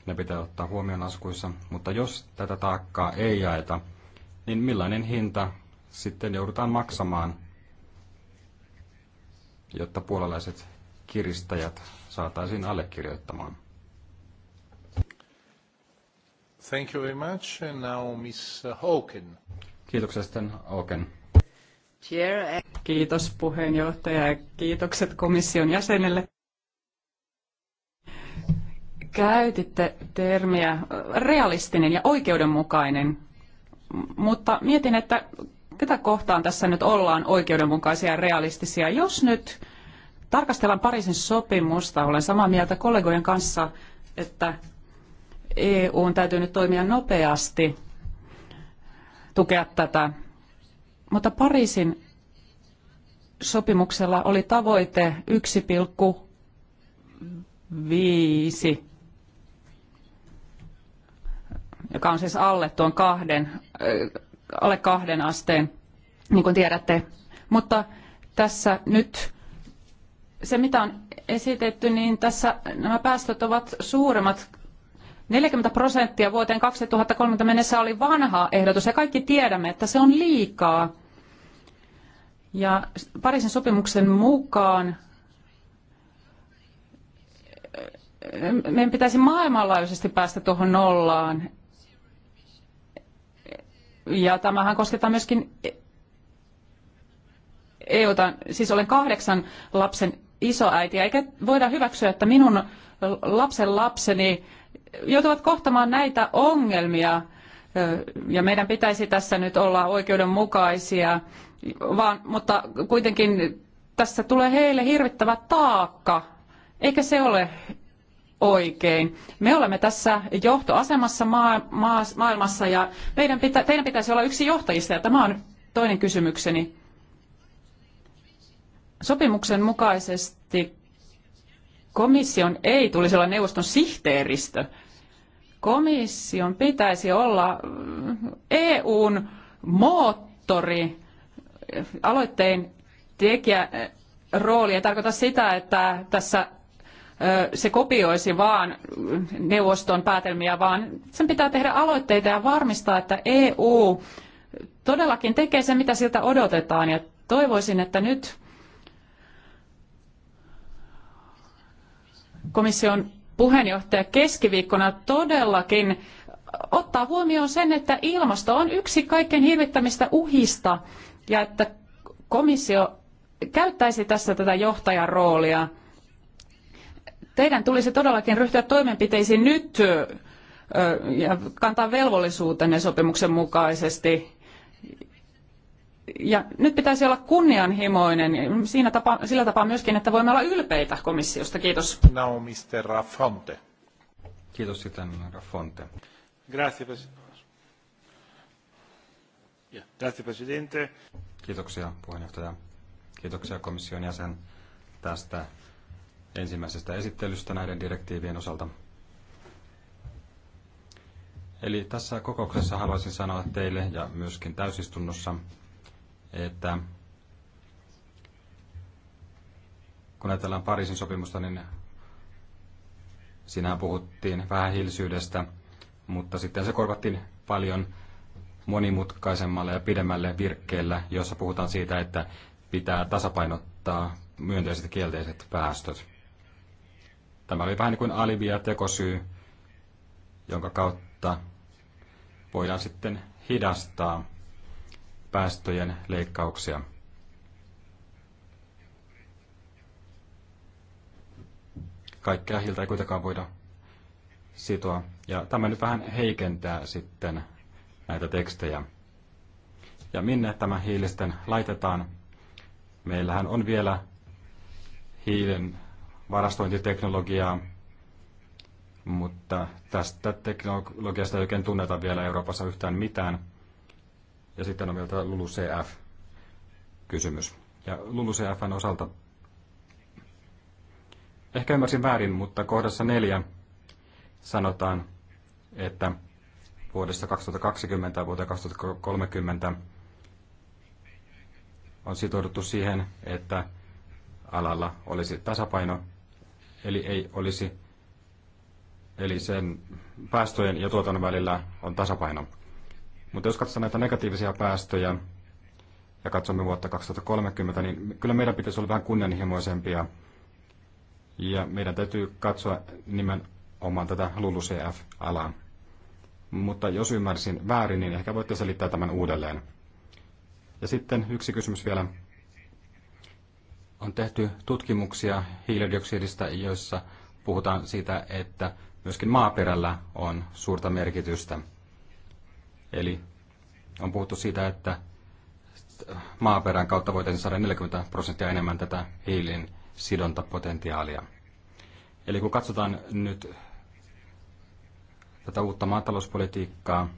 Ne pitää ottaa huomioon laskuissa, mutta jos tätä taakkaa ei jaeta, niin millainen hinta sitten joudutaan maksamaan, jotta puolalaiset kiristäjät saataisiin allekirjoittamaan? Thank you very much. And now Miss Hawken. Kiitoksia sitten Hawken. Kiitos puheenjohtaja ja kiitokset komission jäsenelle. Käytitte termiä realistinen ja oikeudenmukainen mutta mietin, että ketä kohtaan tässä nyt ollaan oikeudenmukaisia ja realistisia. Jos nyt tarkastellaan Pariisin sopimusta, olen samaa mieltä kollegojen kanssa, että EUn täytyy nyt toimia nopeasti tukea tätä. Mutta Pariisin sopimuksella oli tavoite 1,5 joka on siis alle tuon kahden, alle kahden asteen, niin kuin tiedätte. Mutta tässä nyt se, mitä on esitetty, niin tässä nämä päästöt ovat suuremmat 40 prosenttia vuoteen 2030 mennessä oli vanha ehdotus ja kaikki tiedämme, että se on liikaa. Ja Pariisin sopimuksen mukaan meidän pitäisi maailmanlaajuisesti päästä tuohon nollaan. Ja tämähän koskettaa myöskin EUta. Siis olen kahdeksan lapsen isoäiti, eikä voida hyväksyä, että minun lapsen lapseni joutuvat kohtamaan näitä ongelmia. Ja meidän pitäisi tässä nyt olla oikeudenmukaisia, vaan, mutta kuitenkin tässä tulee heille hirvittävä taakka, eikä se ole oikein. Me olemme tässä johtoasemassa maailmassa ja meidän pitä, teidän pitäisi olla yksi johtajista ja tämä on toinen kysymykseni. Sopimuksen mukaisesti komission ei tulisi olla neuvoston sihteeristö. Komission pitäisi olla mm, EUn moottori aloitteen tekijä eh, rooli. Ei tarkoita sitä, että tässä se kopioisi vaan neuvoston päätelmiä, vaan sen pitää tehdä aloitteita ja varmistaa, että EU todellakin tekee sen, mitä siltä odotetaan. Ja toivoisin, että nyt komission puheenjohtaja keskiviikkona todellakin ottaa huomioon sen, että ilmasto on yksi kaikkein hirvittämistä uhista ja että komissio käyttäisi tässä tätä johtajan roolia – Teidän tulisi todellakin ryhtyä toimenpiteisiin nyt ja kantaa velvollisuutenne sopimuksen mukaisesti. Ja nyt pitäisi olla kunnianhimoinen siinä tapa, sillä tapaa myöskin, että voimme olla ylpeitä komissiosta. Kiitos. Now, Mr. Raffonte, Kiitos sitten Raffonte. Grazie, presidente. Grazie, Presidente. Kiitoksia puheenjohtaja. Kiitoksia komission jäsen tästä ensimmäisestä esittelystä näiden direktiivien osalta. Eli tässä kokouksessa haluaisin sanoa teille ja myöskin täysistunnossa, että kun ajatellaan Pariisin sopimusta, niin siinähän puhuttiin vähähiilisyydestä, mutta sitten se korvattiin paljon monimutkaisemmalle ja pidemmälle virkkeellä, jossa puhutaan siitä, että pitää tasapainottaa myönteiset ja kielteiset päästöt. Tämä oli vähän niin kuin alibi ja tekosyy, jonka kautta voidaan sitten hidastaa päästöjen leikkauksia. Kaikkea hiiltä ei kuitenkaan voida sitoa. Ja tämä nyt vähän heikentää sitten näitä tekstejä. Ja minne tämä hiilisten laitetaan? Meillähän on vielä hiilen varastointiteknologiaa, mutta tästä teknologiasta ei oikein tunneta vielä Euroopassa yhtään mitään. Ja sitten on vielä tämä LULUCF-kysymys. Ja LULUCFn osalta ehkä ymmärsin väärin, mutta kohdassa neljä sanotaan, että vuodesta 2020 vuoteen 2030 on sitouduttu siihen, että alalla olisi tasapaino Eli ei olisi Eli sen päästöjen ja tuotannon välillä on tasapaino. Mutta jos katsotaan näitä negatiivisia päästöjä ja katsomme vuotta 2030, niin kyllä meidän pitäisi olla vähän kunnianhimoisempia. Ja meidän täytyy katsoa nimenomaan tätä LULUCF-alaa. Mutta jos ymmärsin väärin, niin ehkä voitte selittää tämän uudelleen. Ja sitten yksi kysymys vielä on tehty tutkimuksia hiilidioksidista, joissa puhutaan siitä, että myöskin maaperällä on suurta merkitystä. Eli on puhuttu siitä, että maaperän kautta voitaisiin saada 40 prosenttia enemmän tätä hiilin sidontapotentiaalia. Eli kun katsotaan nyt tätä uutta maatalouspolitiikkaa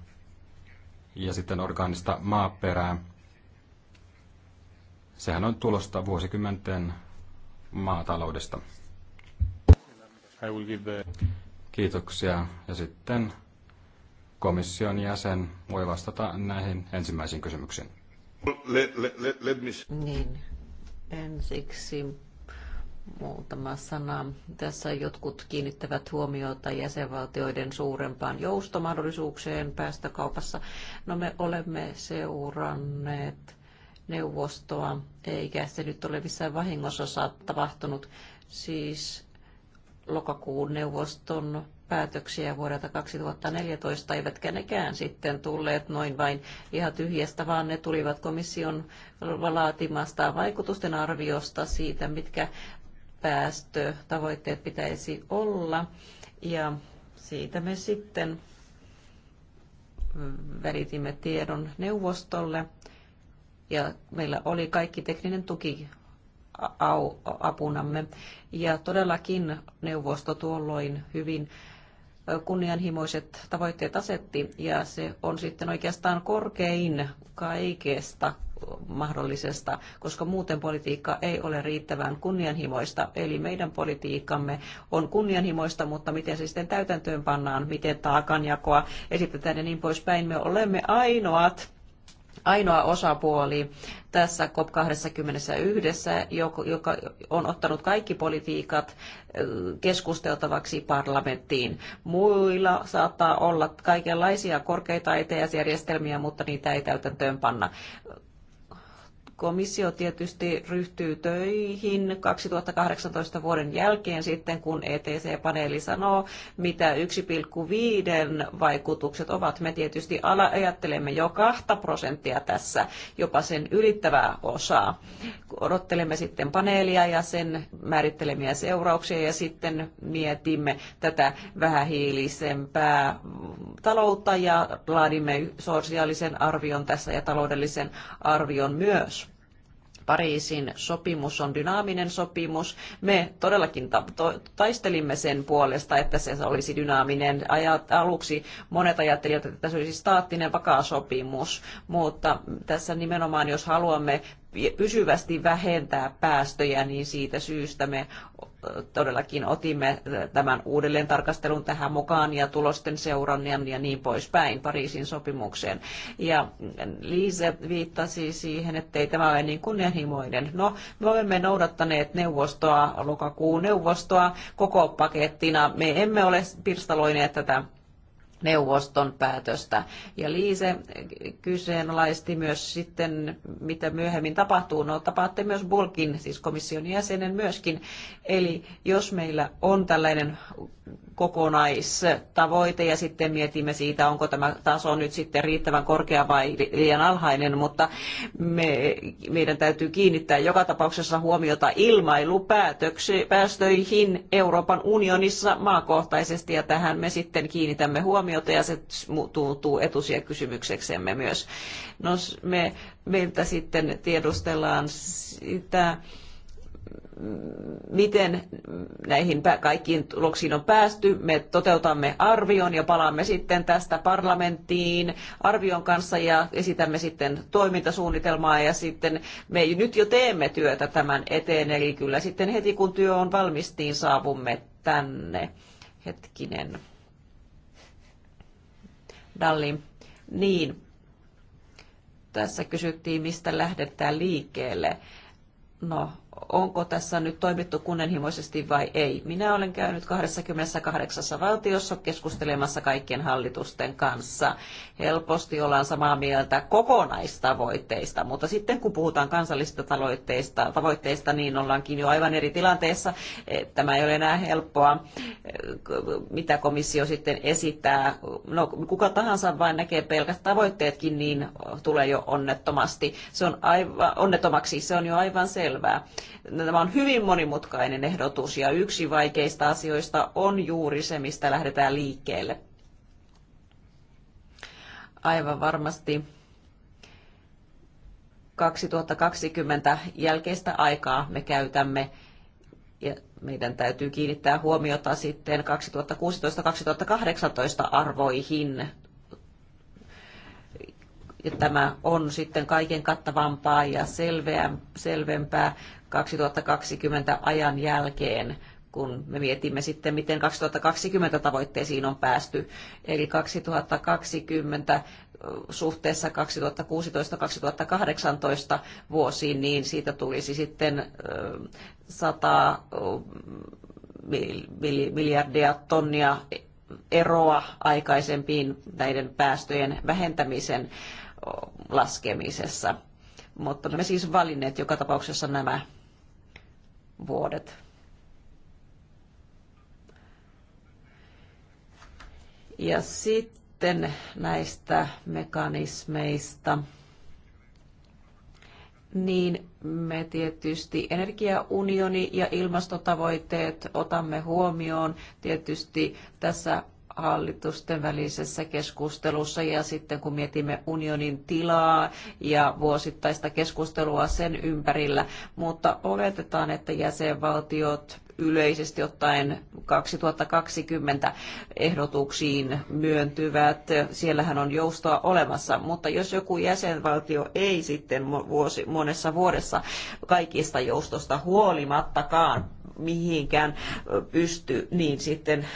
ja sitten orgaanista maaperää, Sehän on tulosta vuosikymmenten maataloudesta. I will give the... Kiitoksia. Ja sitten komission jäsen voi vastata näihin ensimmäisiin kysymyksiin. Let, let me... Niin, ensiksi muutama sana. Tässä jotkut kiinnittävät huomiota jäsenvaltioiden suurempaan joustomahdollisuukseen päästökaupassa. No me olemme seuranneet neuvostoa, eikä se nyt ole missään vahingossa tapahtunut. Siis lokakuun neuvoston päätöksiä vuodelta 2014, eivätkä nekään sitten tulleet noin vain ihan tyhjästä, vaan ne tulivat komission laatimasta vaikutusten arviosta siitä, mitkä päästötavoitteet pitäisi olla. Ja siitä me sitten välitimme tiedon neuvostolle ja meillä oli kaikki tekninen tuki apunamme. Ja todellakin neuvosto tuolloin hyvin kunnianhimoiset tavoitteet asetti, ja se on sitten oikeastaan korkein kaikesta mahdollisesta, koska muuten politiikka ei ole riittävän kunnianhimoista. Eli meidän politiikkamme on kunnianhimoista, mutta miten se sitten täytäntöön pannaan, miten taakanjakoa esitetään ja niin poispäin. Me olemme ainoat ainoa osapuoli tässä COP21, joka on ottanut kaikki politiikat keskusteltavaksi parlamenttiin. Muilla saattaa olla kaikenlaisia korkeita ETS-järjestelmiä, mutta niitä ei täytäntöön panna. Komissio tietysti ryhtyy töihin 2018 vuoden jälkeen sitten, kun ETC-paneeli sanoo, mitä 1,5 vaikutukset ovat. Me tietysti ajattelemme jo kahta prosenttia tässä, jopa sen ylittävää osaa. Odottelemme sitten paneelia ja sen määrittelemiä seurauksia ja sitten mietimme tätä vähähiilisempää taloutta ja laadimme sosiaalisen arvion tässä ja taloudellisen arvion myös. Pariisin sopimus on dynaaminen sopimus. Me todellakin taistelimme sen puolesta, että se olisi dynaaminen. Ajat, aluksi monet ajattelivat, että se olisi staattinen vakaa sopimus, mutta tässä nimenomaan, jos haluamme pysyvästi vähentää päästöjä, niin siitä syystä me todellakin otimme tämän uudelleen tarkastelun tähän mukaan ja tulosten seurannan ja niin poispäin Pariisin sopimukseen. Ja Liise viittasi siihen, että ei tämä ole niin kunnianhimoinen. No, me olemme noudattaneet neuvostoa, lokakuun neuvostoa koko pakettina. Me emme ole pirstaloineet tätä neuvoston päätöstä. Ja Liise kyseenalaisti myös sitten, mitä myöhemmin tapahtuu. No tapaatte myös Bulkin, siis komission jäsenen myöskin. Eli jos meillä on tällainen kokonaistavoite ja sitten mietimme siitä, onko tämä taso nyt sitten riittävän korkea vai liian alhainen, mutta me, meidän täytyy kiinnittää joka tapauksessa huomiota ilmailupäästöihin Euroopan unionissa maakohtaisesti ja tähän me sitten kiinnitämme huomiota huomiota ja se tuntuu kysymykseksemme myös. No, me, meiltä sitten tiedustellaan sitä, miten näihin kaikkiin tuloksiin on päästy. Me toteutamme arvion ja palaamme sitten tästä parlamenttiin arvion kanssa ja esitämme sitten toimintasuunnitelmaa ja sitten me nyt jo teemme työtä tämän eteen, eli kyllä sitten heti kun työ on valmistiin saavumme tänne. Hetkinen. Dallin. Niin, tässä kysyttiin, mistä lähdetään liikkeelle. No, onko tässä nyt toimittu kunnianhimoisesti vai ei. Minä olen käynyt 28 valtiossa keskustelemassa kaikkien hallitusten kanssa. Helposti ollaan samaa mieltä kokonaistavoitteista, mutta sitten kun puhutaan kansallisista tavoitteista, tavoitteista niin ollaankin jo aivan eri tilanteessa. Eh, tämä ei ole enää helppoa, eh, mitä komissio sitten esittää. No, kuka tahansa vain näkee pelkät tavoitteetkin, niin tulee jo onnettomasti. Se on aivan, onnettomaksi, se on jo aivan selvää Tämä on hyvin monimutkainen ehdotus ja yksi vaikeista asioista on juuri se, mistä lähdetään liikkeelle. Aivan varmasti 2020 jälkeistä aikaa me käytämme ja meidän täytyy kiinnittää huomiota sitten 2016-2018 arvoihin tämä on sitten kaiken kattavampaa ja selvempää 2020 ajan jälkeen kun me mietimme sitten, miten 2020 tavoitteisiin on päästy. Eli 2020 suhteessa 2016-2018 vuosiin, niin siitä tulisi sitten 100 miljardia tonnia eroa aikaisempiin näiden päästöjen vähentämisen laskemisessa. Mutta me siis valinneet joka tapauksessa nämä vuodet. Ja sitten näistä mekanismeista, niin me tietysti energiaunioni ja ilmastotavoitteet otamme huomioon. Tietysti tässä hallitusten välisessä keskustelussa ja sitten kun mietimme unionin tilaa ja vuosittaista keskustelua sen ympärillä, mutta oletetaan, että jäsenvaltiot yleisesti ottaen 2020 ehdotuksiin myöntyvät. Siellähän on joustoa olemassa, mutta jos joku jäsenvaltio ei sitten vuosi, monessa vuodessa kaikista joustosta huolimattakaan mihinkään pysty, niin sitten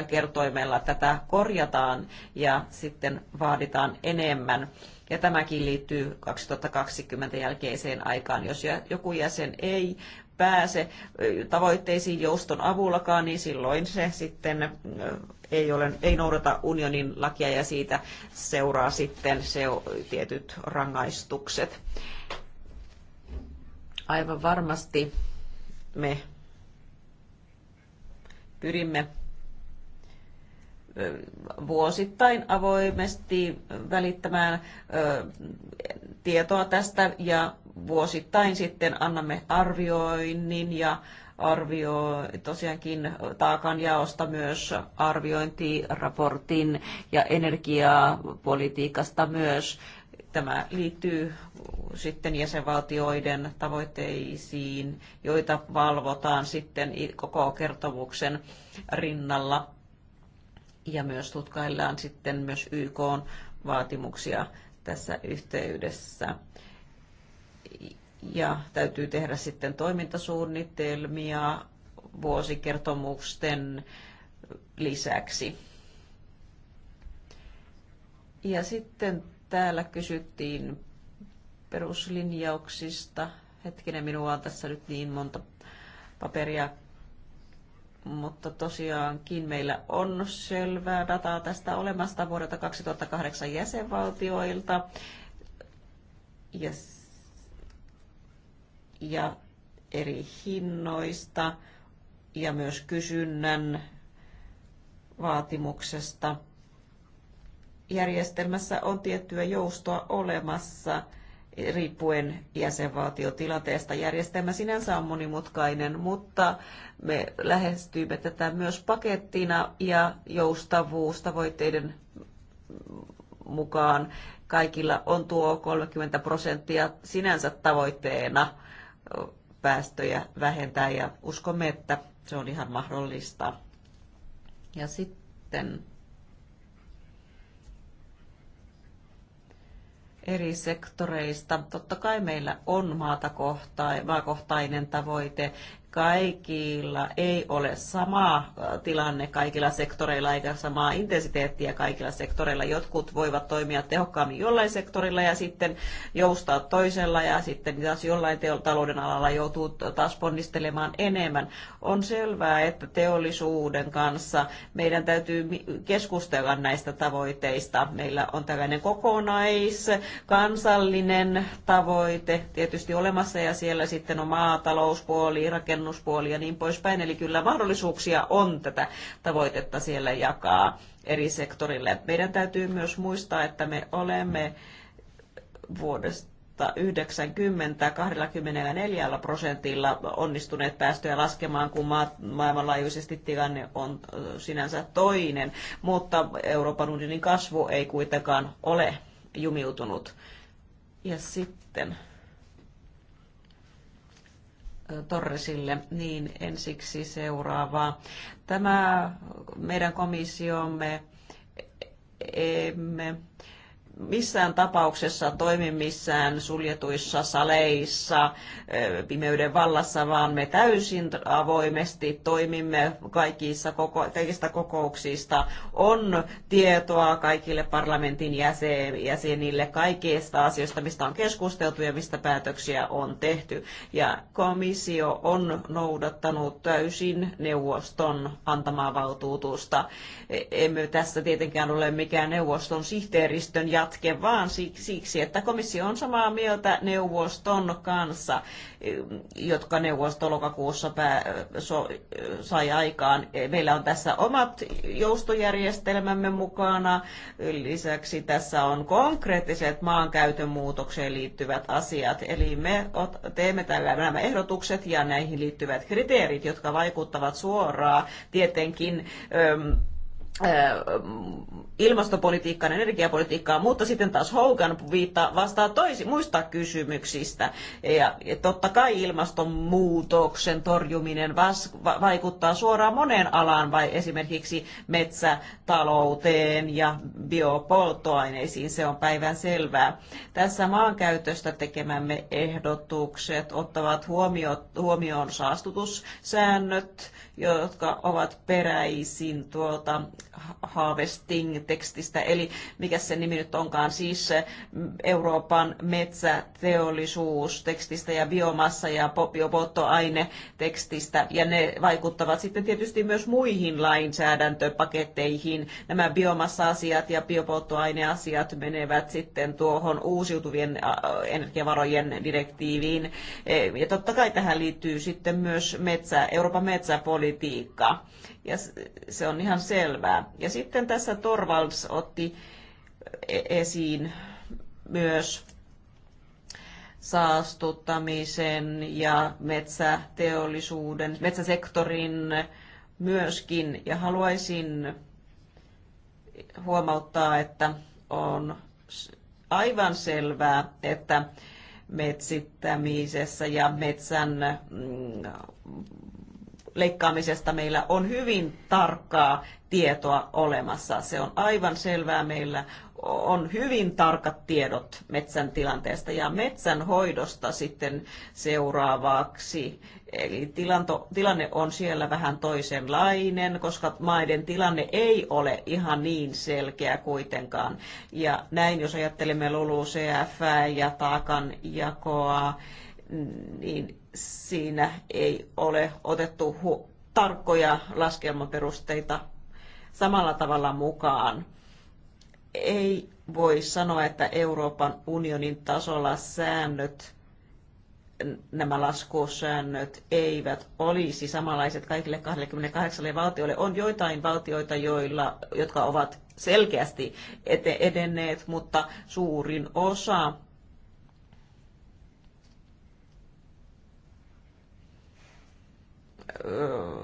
1,08 kertoimella tätä korjataan ja sitten vaaditaan enemmän. Ja tämäkin liittyy 2020 jälkeiseen aikaan. Jos joku jäsen ei pääse tavoitteisiin jouston avullakaan, niin silloin se sitten ei, ole, ei noudata unionin lakia ja siitä seuraa sitten se tietyt rangaistukset. Aivan varmasti me pyrimme vuosittain avoimesti välittämään tietoa tästä ja vuosittain sitten annamme arvioinnin ja arvio, tosiaankin taakanjaosta myös arviointiraportin ja energiapolitiikasta myös. Tämä liittyy sitten jäsenvaltioiden tavoitteisiin, joita valvotaan sitten koko kertomuksen rinnalla ja myös tutkaillaan sitten myös YK vaatimuksia tässä yhteydessä. Ja täytyy tehdä sitten toimintasuunnitelmia vuosikertomusten lisäksi. Ja sitten täällä kysyttiin peruslinjauksista. Hetkinen, minua on tässä nyt niin monta paperia mutta tosiaankin meillä on selvää dataa tästä olemasta vuodelta 2008 jäsenvaltioilta. Yes. ja eri hinnoista ja myös kysynnän vaatimuksesta. Järjestelmässä on tiettyä joustoa olemassa – riippuen jäsenvaltiotilanteesta. Järjestelmä sinänsä on monimutkainen, mutta me lähestyimme tätä myös pakettina ja joustavuustavoitteiden mukaan kaikilla on tuo 30 prosenttia sinänsä tavoitteena päästöjä vähentää ja uskomme, että se on ihan mahdollista. Ja sitten eri sektoreista. Totta kai meillä on maatakohtainen, maakohtainen tavoite kaikilla ei ole sama tilanne kaikilla sektoreilla eikä samaa intensiteettiä kaikilla sektoreilla. Jotkut voivat toimia tehokkaammin jollain sektorilla ja sitten joustaa toisella ja sitten taas jollain talouden alalla joutuu taas ponnistelemaan enemmän. On selvää, että teollisuuden kanssa meidän täytyy keskustella näistä tavoitteista. Meillä on tällainen kokonaiskansallinen tavoite tietysti olemassa ja siellä sitten on maatalouspuoli, rakennus, tunnuspuoli ja niin poispäin. Eli kyllä mahdollisuuksia on tätä tavoitetta siellä jakaa eri sektorille. Meidän täytyy myös muistaa, että me olemme vuodesta 90 24 prosentilla onnistuneet päästöjä laskemaan, kun maailmanlaajuisesti tilanne on äh, sinänsä toinen, mutta Euroopan unionin kasvu ei kuitenkaan ole jumiutunut. Ja sitten Torresille, niin ensiksi seuraavaa. Tämä meidän komissiomme emme missään tapauksessa toimi missään suljetuissa saleissa eh, pimeyden vallassa, vaan me täysin avoimesti toimimme kaikissa koko, kaikista kokouksista. On tietoa kaikille parlamentin jäsenille kaikista asioista, mistä on keskusteltu ja mistä päätöksiä on tehty. Ja komissio on noudattanut täysin neuvoston antamaa valtuutusta. E, emme tässä tietenkään ole mikään neuvoston sihteeristön ja katke, vaan siksi, että komissio on samaa mieltä neuvoston kanssa, jotka neuvosto lokakuussa sai aikaan. Meillä on tässä omat joustojärjestelmämme mukana. Lisäksi tässä on konkreettiset maankäytön muutokseen liittyvät asiat. Eli me teemme tällä nämä ehdotukset ja näihin liittyvät kriteerit, jotka vaikuttavat suoraan tietenkin ilmastopolitiikkaan ja energiapolitiikkaan, mutta sitten taas Hogan viittaa, vastaa toisi muista kysymyksistä. Ja, ja totta kai ilmastonmuutoksen torjuminen vas, va, vaikuttaa suoraan moneen alaan, vai esimerkiksi metsätalouteen ja biopolttoaineisiin, se on päivän selvää. Tässä maankäytöstä tekemämme ehdotukset ottavat huomioon saastutussäännöt jotka ovat peräisin tuolta Harvesting-tekstistä, eli mikä se nimi nyt onkaan, siis eh, Euroopan metsäteollisuustekstistä ja biomassa ja biopolttoaine-tekstistä, ja ne vaikuttavat sitten tietysti myös muihin lainsäädäntöpaketteihin. Nämä biomassa-asiat ja biopolttoaineasiat menevät sitten tuohon uusiutuvien energiavarojen direktiiviin, eh, ja totta kai tähän liittyy sitten myös metsä, Euroopan metsäpoli politiikka. Ja se on ihan selvää. Ja sitten tässä Torvalds otti e-, esiin myös saastuttamisen ja metsäteollisuuden, metsäsektorin myöskin. Ja haluaisin huomauttaa, että on aivan selvää, että metsittämisessä ja metsän mm, leikkaamisesta meillä on hyvin tarkkaa tietoa olemassa. Se on aivan selvää. Meillä on hyvin tarkat tiedot metsän tilanteesta ja metsän hoidosta sitten seuraavaksi. Eli tilanto, tilanne on siellä vähän toisenlainen, koska maiden tilanne ei ole ihan niin selkeä kuitenkaan. Ja näin, jos ajattelemme LULUCF ja taakanjakoa, niin siinä ei ole otettu hu- tarkkoja laskelmaperusteita samalla tavalla mukaan. Ei voi sanoa, että Euroopan unionin tasolla säännöt, nämä laskusäännöt eivät olisi samanlaiset kaikille 28 valtioille. On joitain valtioita, joilla, jotka ovat selkeästi edenneet, mutta suurin osa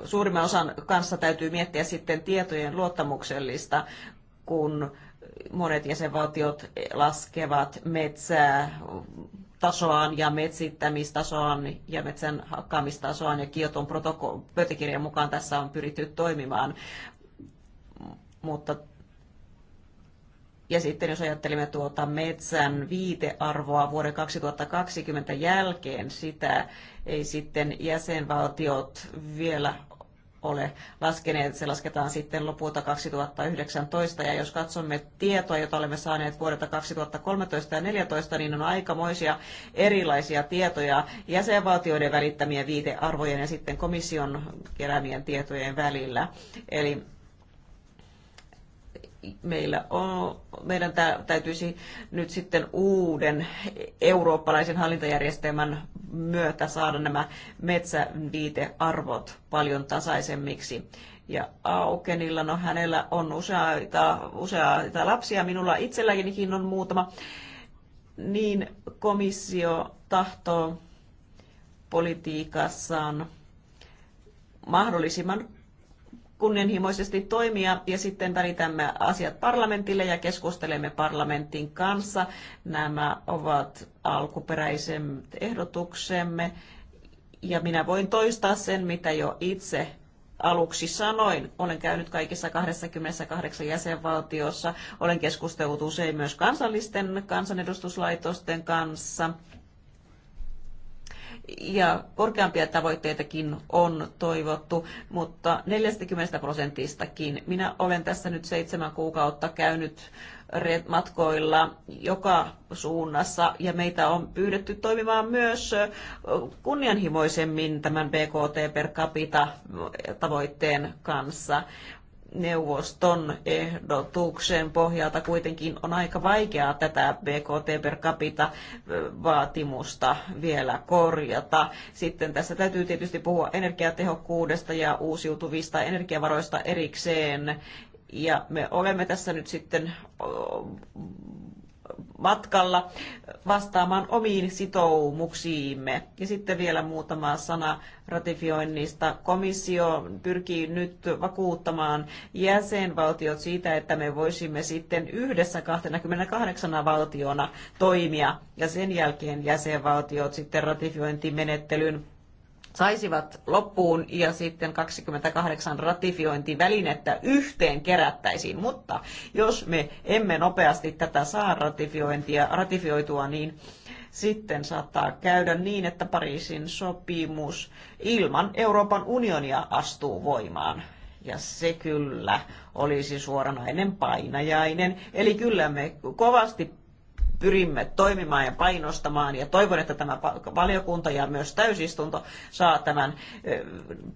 suurimman osan kanssa täytyy miettiä sitten tietojen luottamuksellista, kun monet jäsenvaltiot laskevat metsää tasoaan ja metsittämistasoaan ja metsän hakkaamistasoaan ja Kioton pöytäkirjan mukaan tässä on pyritty toimimaan. Mutta ja sitten jos ajattelemme tuota metsän viitearvoa vuoden 2020 jälkeen, sitä ei sitten jäsenvaltiot vielä ole laskeneet. Se lasketaan sitten lopulta 2019. Ja jos katsomme tietoa, jota olemme saaneet vuodelta 2013 ja 2014, niin on aikamoisia erilaisia tietoja jäsenvaltioiden välittämien viitearvojen ja sitten komission keräämien tietojen välillä. Eli meillä on, meidän täytyisi nyt sitten uuden eurooppalaisen hallintajärjestelmän myötä saada nämä metsäviitearvot paljon tasaisemmiksi. Ja Aukenilla, no hänellä on useita, useita lapsia, minulla itselläkin on muutama, niin komissio tahtoo politiikassaan mahdollisimman kunnianhimoisesti toimia ja sitten välitämme asiat parlamentille ja keskustelemme parlamentin kanssa. Nämä ovat alkuperäiset ehdotuksemme ja minä voin toistaa sen, mitä jo itse aluksi sanoin, olen käynyt kaikissa 28 jäsenvaltiossa, olen keskustellut usein myös kansallisten kansanedustuslaitosten kanssa ja korkeampia tavoitteitakin on toivottu, mutta 40 prosentistakin. Minä olen tässä nyt seitsemän kuukautta käynyt matkoilla joka suunnassa ja meitä on pyydetty toimimaan myös kunnianhimoisemmin tämän BKT per capita tavoitteen kanssa neuvoston ehdotuksen pohjalta kuitenkin on aika vaikeaa tätä BKT per capita vaatimusta vielä korjata. Sitten tässä täytyy tietysti puhua energiatehokkuudesta ja uusiutuvista energiavaroista erikseen. Ja me olemme tässä nyt sitten matkalla vastaamaan omiin sitoumuksiimme. Ja sitten vielä muutama sana ratifioinnista. Komissio pyrkii nyt vakuuttamaan jäsenvaltiot siitä, että me voisimme sitten yhdessä 28 valtiona toimia ja sen jälkeen jäsenvaltiot sitten ratifiointimenettelyn saisivat loppuun ja sitten 28 ratifiointivälinettä yhteen kerättäisiin. Mutta jos me emme nopeasti tätä saa ratifiointia, ratifioitua, niin sitten saattaa käydä niin, että Pariisin sopimus ilman Euroopan unionia astuu voimaan. Ja se kyllä olisi suoranainen painajainen. Eli kyllä me kovasti pyrimme toimimaan ja painostamaan ja toivon, että tämä valiokunta ja myös täysistunto saa tämän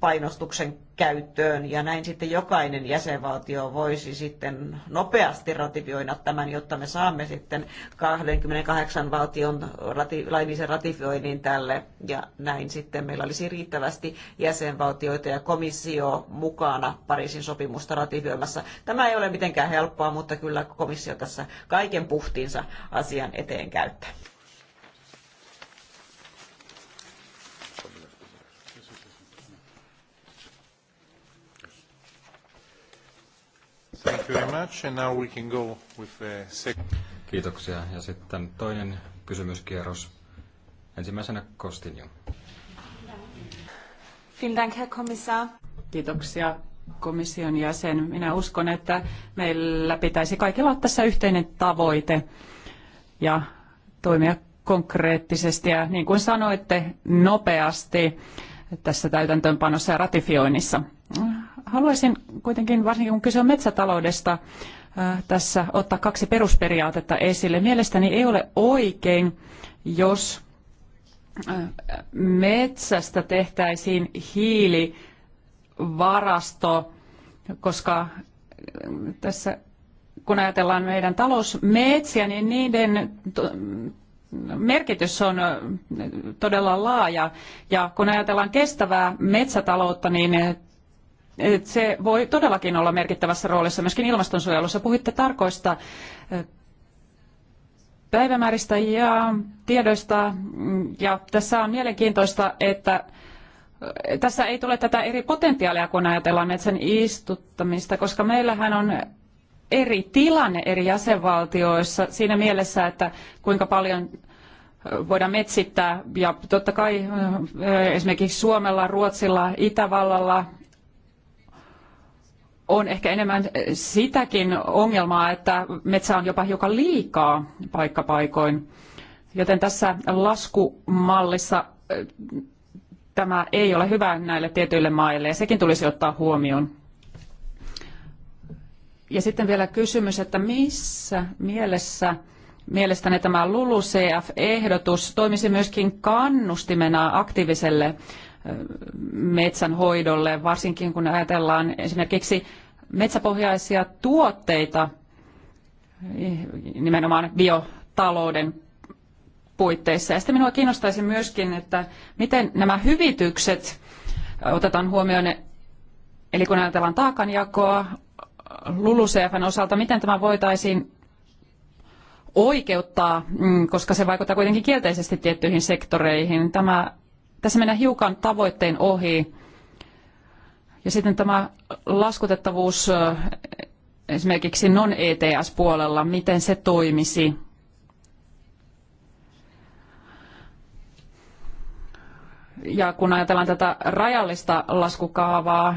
painostuksen käyttöön ja näin sitten jokainen jäsenvaltio voisi sitten nopeasti ratifioida tämän, jotta me saamme sitten 28 valtion rati, laillisen ratifioinnin tälle ja näin sitten meillä olisi riittävästi jäsenvaltioita ja komissio mukana Pariisin sopimusta ratifioimassa. Tämä ei ole mitenkään helppoa, mutta kyllä komissio tässä kaiken puhtinsa asian eteen käyttää. Thank you very much. And now we can go with the second. Kiitoksia. Ja sitten toinen kysymyskierros. Ensimmäisenä Kostinjo. Vielen Dank, Herr Kommissar. Kiitoksia komission jäsen. Minä uskon, että meillä pitäisi kaikilla olla tässä yhteinen tavoite ja toimia konkreettisesti ja niin kuin sanoitte, nopeasti tässä täytäntöönpanossa ja ratifioinnissa. Haluaisin kuitenkin, varsinkin kun kyse on metsätaloudesta, tässä ottaa kaksi perusperiaatetta esille. Mielestäni ei ole oikein, jos metsästä tehtäisiin hiilivarasto, koska tässä kun ajatellaan meidän talousmetsiä, niin niiden merkitys on todella laaja. Ja kun ajatellaan kestävää metsätaloutta, niin se voi todellakin olla merkittävässä roolissa myöskin ilmastonsuojelussa. Puhuitte tarkoista päivämääristä ja tiedoista. Ja tässä on mielenkiintoista, että tässä ei tule tätä eri potentiaalia, kun ajatellaan metsän istuttamista, koska meillähän on eri tilanne eri jäsenvaltioissa siinä mielessä, että kuinka paljon voidaan metsittää. Ja totta kai esimerkiksi Suomella, Ruotsilla, Itävallalla on ehkä enemmän sitäkin ongelmaa, että metsä on jopa hiukan liikaa paikkapaikoin. Joten tässä laskumallissa tämä ei ole hyvä näille tietyille maille ja sekin tulisi ottaa huomioon. Ja sitten vielä kysymys, että missä mielessä mielestäni tämä LULUCF-ehdotus toimisi myöskin kannustimena aktiiviselle metsänhoidolle, varsinkin kun ajatellaan esimerkiksi metsäpohjaisia tuotteita nimenomaan biotalouden puitteissa. Ja sitten minua kiinnostaisi myöskin, että miten nämä hyvitykset otetaan huomioon, eli kun ajatellaan taakanjakoa, LULUCFn osalta, miten tämä voitaisiin oikeuttaa, mm, koska se vaikuttaa kuitenkin kielteisesti tiettyihin sektoreihin. Tämä, tässä mennään hiukan tavoitteen ohi. Ja sitten tämä laskutettavuus esimerkiksi non-ETS-puolella, miten se toimisi? Ja kun ajatellaan tätä rajallista laskukaavaa,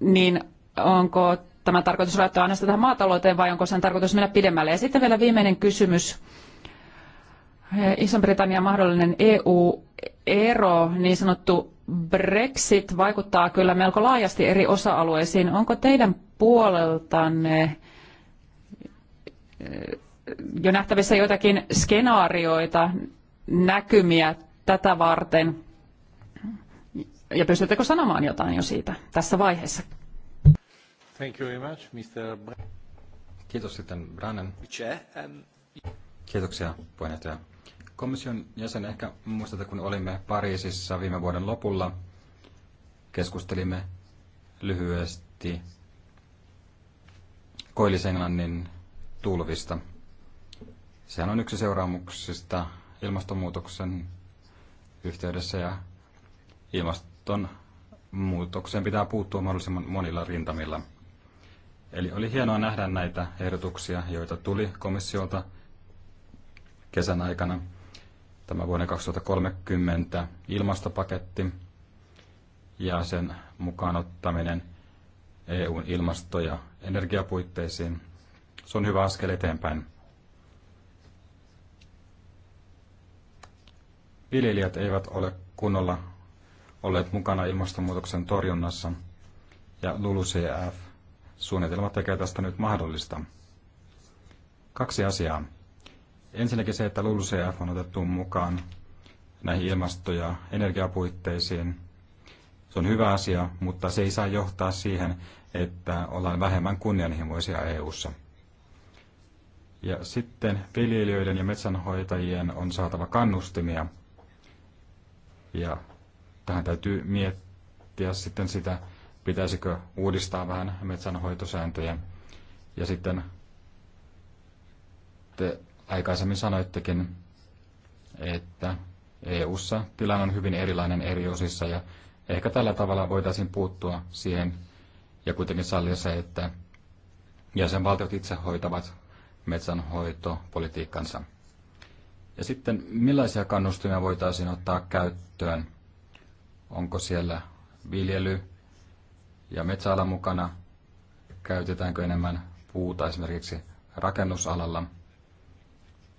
niin onko tämä tarkoitus rajoittaa ainoastaan tähän maatalouteen vai onko sen tarkoitus mennä pidemmälle? Ja sitten vielä viimeinen kysymys. Iso-Britannian mahdollinen EU-ero, niin sanottu Brexit, vaikuttaa kyllä melko laajasti eri osa-alueisiin. Onko teidän puoleltanne eh, jo nähtävissä joitakin skenaarioita, näkymiä tätä varten? Ja pystyttekö sanomaan jotain jo siitä tässä vaiheessa? Thank you very much, Mr. Kiitos sitten Brannen. Um, Kiitoksia puheenjohtaja. Komission jäsen, ehkä muistatte, kun olimme Pariisissa viime vuoden lopulla, keskustelimme lyhyesti Koillis-Englannin tulvista. Sehän on yksi seuraamuksista ilmastonmuutoksen yhteydessä ja ilmastonmuutokseen pitää puuttua mahdollisimman monilla rintamilla – Eli oli hienoa nähdä näitä ehdotuksia, joita tuli komissiolta kesän aikana. Tämä vuoden 2030 ilmastopaketti ja sen mukaan ottaminen EUn ilmasto- ja energiapuitteisiin. Se on hyvä askel eteenpäin. Viljelijät eivät ole kunnolla olleet mukana ilmastonmuutoksen torjunnassa ja LULUCF Suunnitelma tekee tästä nyt mahdollista. Kaksi asiaa. Ensinnäkin se, että LULUCF on otettu mukaan näihin ilmasto- ja energiapuitteisiin. Se on hyvä asia, mutta se ei saa johtaa siihen, että ollaan vähemmän kunnianhimoisia EU:ssa. Ja sitten viljelijöiden ja metsänhoitajien on saatava kannustimia. Ja tähän täytyy miettiä sitten sitä, pitäisikö uudistaa vähän metsänhoitosääntöjä. Ja sitten te aikaisemmin sanoittekin, että EU-ssa tilanne on hyvin erilainen eri osissa ja ehkä tällä tavalla voitaisiin puuttua siihen ja kuitenkin sallia se, että jäsenvaltiot itse hoitavat metsänhoitopolitiikkansa. Ja sitten millaisia kannustimia voitaisiin ottaa käyttöön? Onko siellä viljely, ja metsäala mukana, käytetäänkö enemmän puuta esimerkiksi rakennusalalla.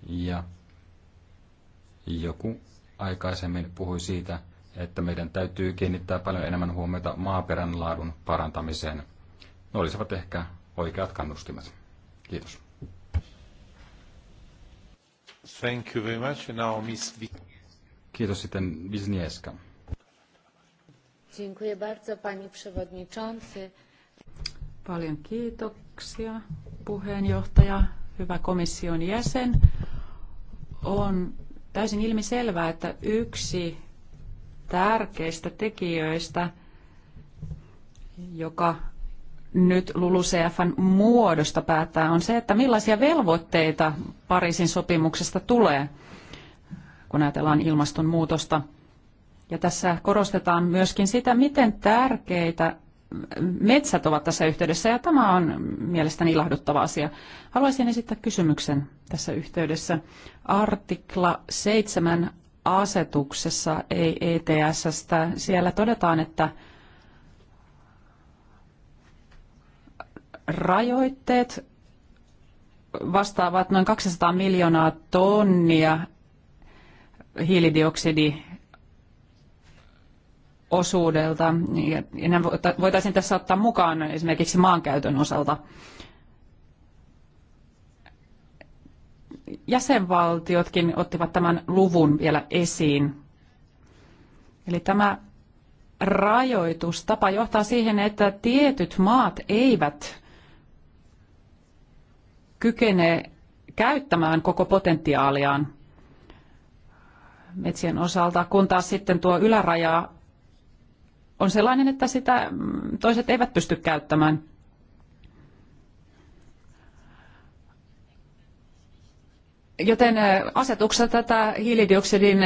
Ja joku aikaisemmin puhui siitä, että meidän täytyy kiinnittää paljon enemmän huomiota maaperän laadun parantamiseen. Ne olisivat ehkä oikeat kannustimet. Kiitos. Thank you very much. Now Miss Kiitos sitten Wisniewska. Dziękuję bardzo, pani przewodniczący. Paljon kiitoksia, puheenjohtaja, hyvä komission jäsen. On täysin ilmiselvää, että yksi tärkeistä tekijöistä, joka nyt LULUCFn muodosta päättää, on se, että millaisia velvoitteita Pariisin sopimuksesta tulee, kun ajatellaan ilmastonmuutosta – ja tässä korostetaan myöskin sitä, miten tärkeitä metsät ovat tässä yhteydessä, ja tämä on mielestäni ilahduttava asia. Haluaisin esittää kysymyksen tässä yhteydessä. Artikla 7 asetuksessa, ei e siellä todetaan, että rajoitteet vastaavat noin 200 miljoonaa tonnia hiilidioksidi osuudelta. Ja nämä voitaisiin tässä ottaa mukaan esimerkiksi maankäytön osalta. Jäsenvaltiotkin ottivat tämän luvun vielä esiin. Eli tämä rajoitustapa johtaa siihen, että tietyt maat eivät kykene käyttämään koko potentiaaliaan metsien osalta, kun taas sitten tuo yläraja on sellainen, että sitä mm, toiset eivät pysty käyttämään. Joten asetuksessa tätä hiilidioksidin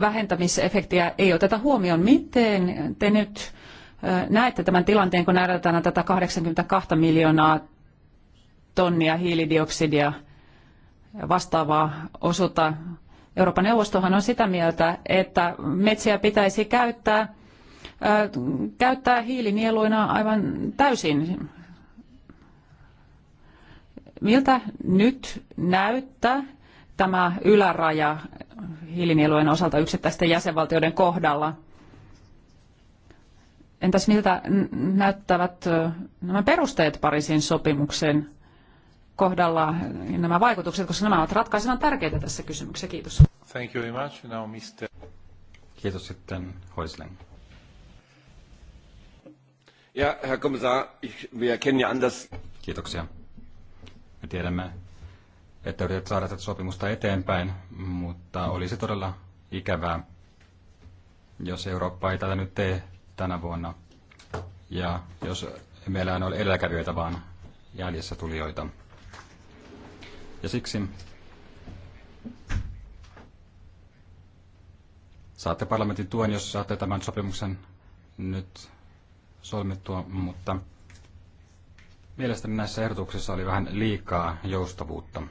vähentämisefektiä ei oteta huomioon. Miten te nyt näette tämän tilanteen, kun näytetään tätä 82 miljoonaa tonnia hiilidioksidia vastaavaa osuutta? Euroopan neuvostohan on sitä mieltä, että metsiä pitäisi käyttää – käyttää hiilinieluina aivan täysin. Miltä nyt näyttää tämä yläraja hiilinielujen osalta yksittäisten jäsenvaltioiden kohdalla? Entäs miltä näyttävät nämä perusteet Pariisin sopimuksen kohdalla nämä vaikutukset, koska nämä ovat ratkaisevan tärkeitä tässä kysymyksessä. Kiitos. Thank you very much. Now, Mr. Kiitos sitten Hoisling. Ja, herr Kommissar, ich, wir erkennen ja an, dass... Kiitoksia. Me tiedämme, että yritet saada tätä sopimusta eteenpäin, mutta olisi todella ikävää, jos Eurooppa ei tätä nyt tee tänä vuonna. Ja jos meillä ei ole edelläkävijöitä, vaan jäljessä tulijoita. Ja siksi saatte parlamentin tuen, jos saatte tämän sopimuksen nyt solmittua, mutta mielestäni näissä ehdotuksissa oli vähän liikaa joustavuutta.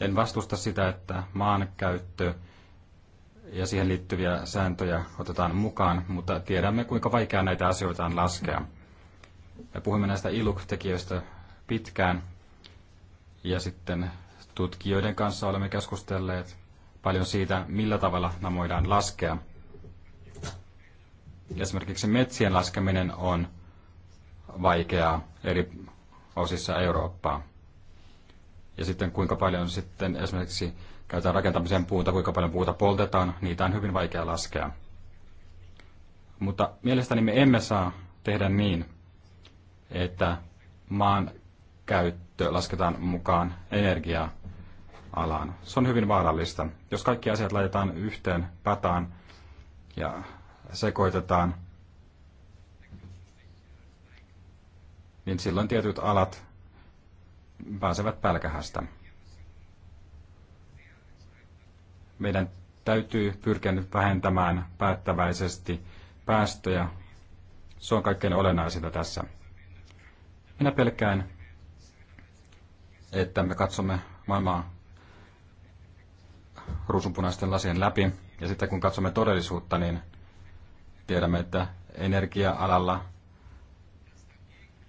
En vastusta sitä, että maankäyttö ja siihen liittyviä sääntöjä otetaan mukaan, mutta tiedämme, kuinka vaikeaa näitä asioita on laskea. Me puhumme näistä iluk-tekijöistä pitkään ja sitten tutkijoiden kanssa olemme keskustelleet paljon siitä, millä tavalla nämä voidaan laskea – Esimerkiksi metsien laskeminen on vaikeaa eri osissa Eurooppaa. Ja sitten kuinka paljon sitten esimerkiksi käytetään rakentamiseen puuta, kuinka paljon puuta poltetaan, niitä on hyvin vaikea laskea. Mutta mielestäni me emme saa tehdä niin, että maan käyttö lasketaan mukaan energia-alaan. Se on hyvin vaarallista. Jos kaikki asiat laitetaan yhteen pataan ja sekoitetaan, niin silloin tietyt alat pääsevät pälkähästä. Meidän täytyy pyrkiä nyt vähentämään päättäväisesti päästöjä. Se on kaikkein olennaisinta tässä. Minä pelkään, että me katsomme maailmaa ruusunpunaisten lasien läpi, ja sitten kun katsomme todellisuutta, niin Tiedämme, että energia-alalla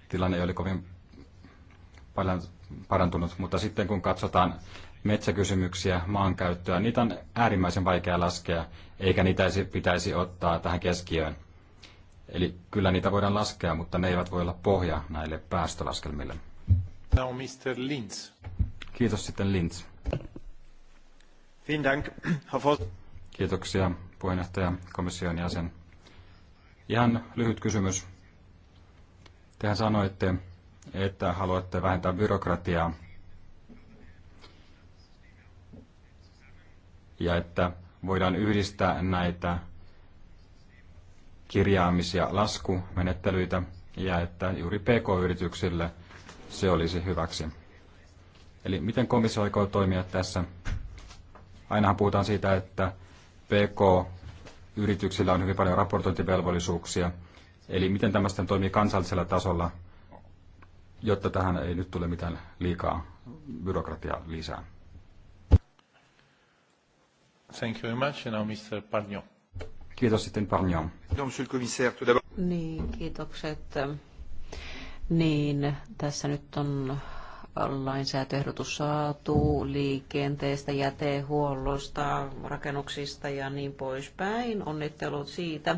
tilanne ei ole kovin paljon parantunut, mutta sitten kun katsotaan metsäkysymyksiä, maankäyttöä, niitä on äärimmäisen vaikea laskea, eikä niitä pitäisi ottaa tähän keskiöön. Eli kyllä niitä voidaan laskea, mutta ne eivät voi olla pohja näille päästölaskelmille. Now Mr. Linz. Kiitos sitten Linz. Vielen Dank, Kiitoksia puheenjohtaja komission jäsen. Ihan lyhyt kysymys. Tehän sanoitte, että haluatte vähentää byrokratiaa ja että voidaan yhdistää näitä kirjaamis- ja laskumenettelyitä ja että juuri PK-yrityksille se olisi hyväksi. Eli miten komissio aikoo toimia tässä? Ainahan puhutaan siitä, että PK yrityksillä on hyvin paljon raportointivelvollisuuksia. Eli miten tämä sitten toimii kansallisella tasolla, jotta tähän ei nyt tule mitään liikaa byrokratiaa lisää. Thank you very much. And now Mr. Pagnon. Kiitos sitten Pagnon. Monsieur le commissaire, tout d'abord. Niin, kiitokset. Niin, tässä nyt on lainsäätöehdotus saatu liikenteestä, jätehuollosta, rakennuksista ja niin poispäin. Onnittelut siitä.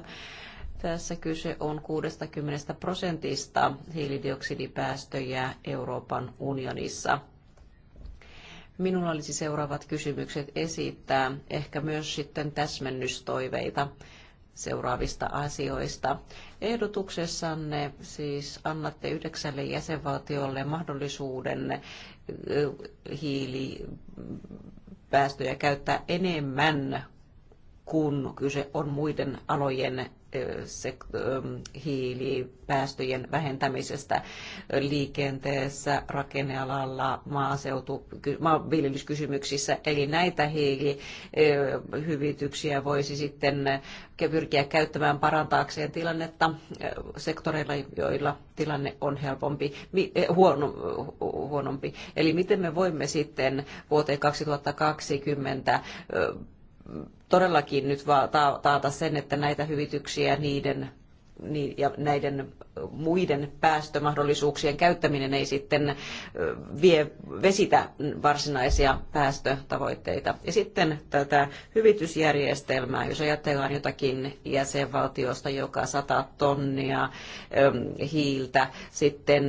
Tässä kyse on 60 prosentista hiilidioksidipäästöjä Euroopan unionissa. Minulla olisi seuraavat kysymykset esittää, ehkä myös sitten täsmennystoiveita seuraavista asioista. Ehdotuksessanne siis annatte yhdeksälle jäsenvaltiolle mahdollisuuden hiilipäästöjä käyttää enemmän kun kyse on muiden alojen hiilipäästöjen vähentämisestä liikenteessä, rakennealalla, maaseutu, maanviljelyskysymyksissä. Eli näitä hiilihyvityksiä voisi sitten pyrkiä käyttämään parantaakseen tilannetta sektoreilla, joilla tilanne on helpompi, huono, huonompi. Eli miten me voimme sitten vuoteen 2020 todellakin nyt taata sen, että näitä hyvityksiä niiden ja näiden muiden päästömahdollisuuksien käyttäminen ei sitten vie, vesitä varsinaisia päästötavoitteita. Ja sitten tätä hyvitysjärjestelmää, jos ajatellaan jotakin jäsenvaltiosta, joka 100 tonnia hiiltä sitten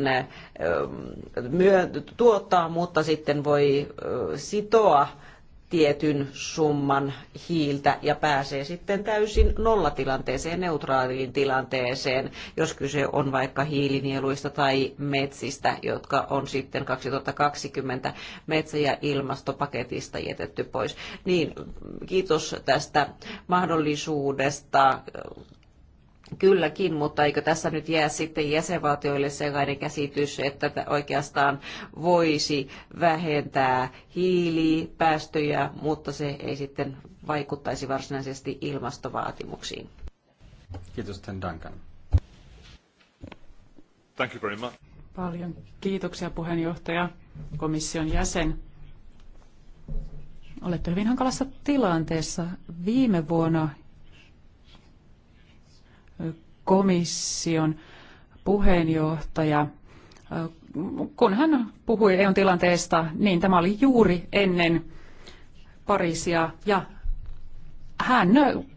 tuottaa, mutta sitten voi sitoa tietyn summan hiiltä ja pääsee sitten täysin nollatilanteeseen, neutraaliin tilanteeseen, jos kyse on vaikka hiilinieluista tai metsistä, jotka on sitten 2020 metsä- ja ilmastopaketista jätetty pois. Niin, kiitos tästä mahdollisuudesta Kylläkin, mutta eikö tässä nyt jää sitten jäsenvaltioille sellainen käsitys, että oikeastaan voisi vähentää hiilipäästöjä, mutta se ei sitten vaikuttaisi varsinaisesti ilmastovaatimuksiin. Kiitos, Ten Duncan. Thank you very much. Paljon kiitoksia puheenjohtaja, komission jäsen. Olette hyvin hankalassa tilanteessa. Viime vuonna komission puheenjohtaja, kun hän puhui EUn tilanteesta, niin tämä oli juuri ennen Pariisia ja hän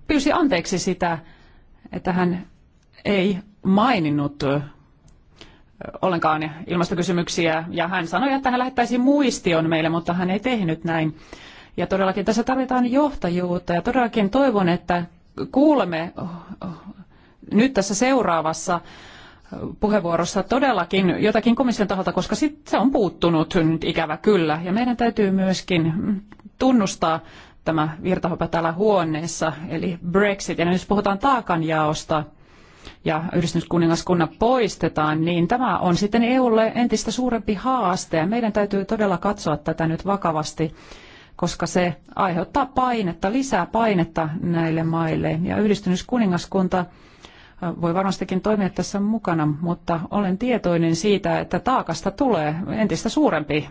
pyysi anteeksi sitä, että hän ei maininnut ollenkaan ilmastokysymyksiä ja hän sanoi, että hän lähettäisi muistion meille, mutta hän ei tehnyt näin. Ja todellakin tässä tarvitaan johtajuutta ja todellakin toivon, että kuulemme nyt tässä seuraavassa puheenvuorossa todellakin jotakin komission taholta, koska sit se on puuttunut nyt ikävä kyllä. Ja meidän täytyy myöskin tunnustaa tämä virtahopa täällä huoneessa, eli Brexit. Ja nyt jos puhutaan taakanjaosta ja yhdistyskuningaskunnan poistetaan, niin tämä on sitten EUlle entistä suurempi haaste. Ja meidän täytyy todella katsoa tätä nyt vakavasti koska se aiheuttaa painetta, lisää painetta näille maille. Ja yhdistynyt kuningaskunta voi varmastikin toimia tässä mukana, mutta olen tietoinen siitä, että taakasta tulee entistä suurempi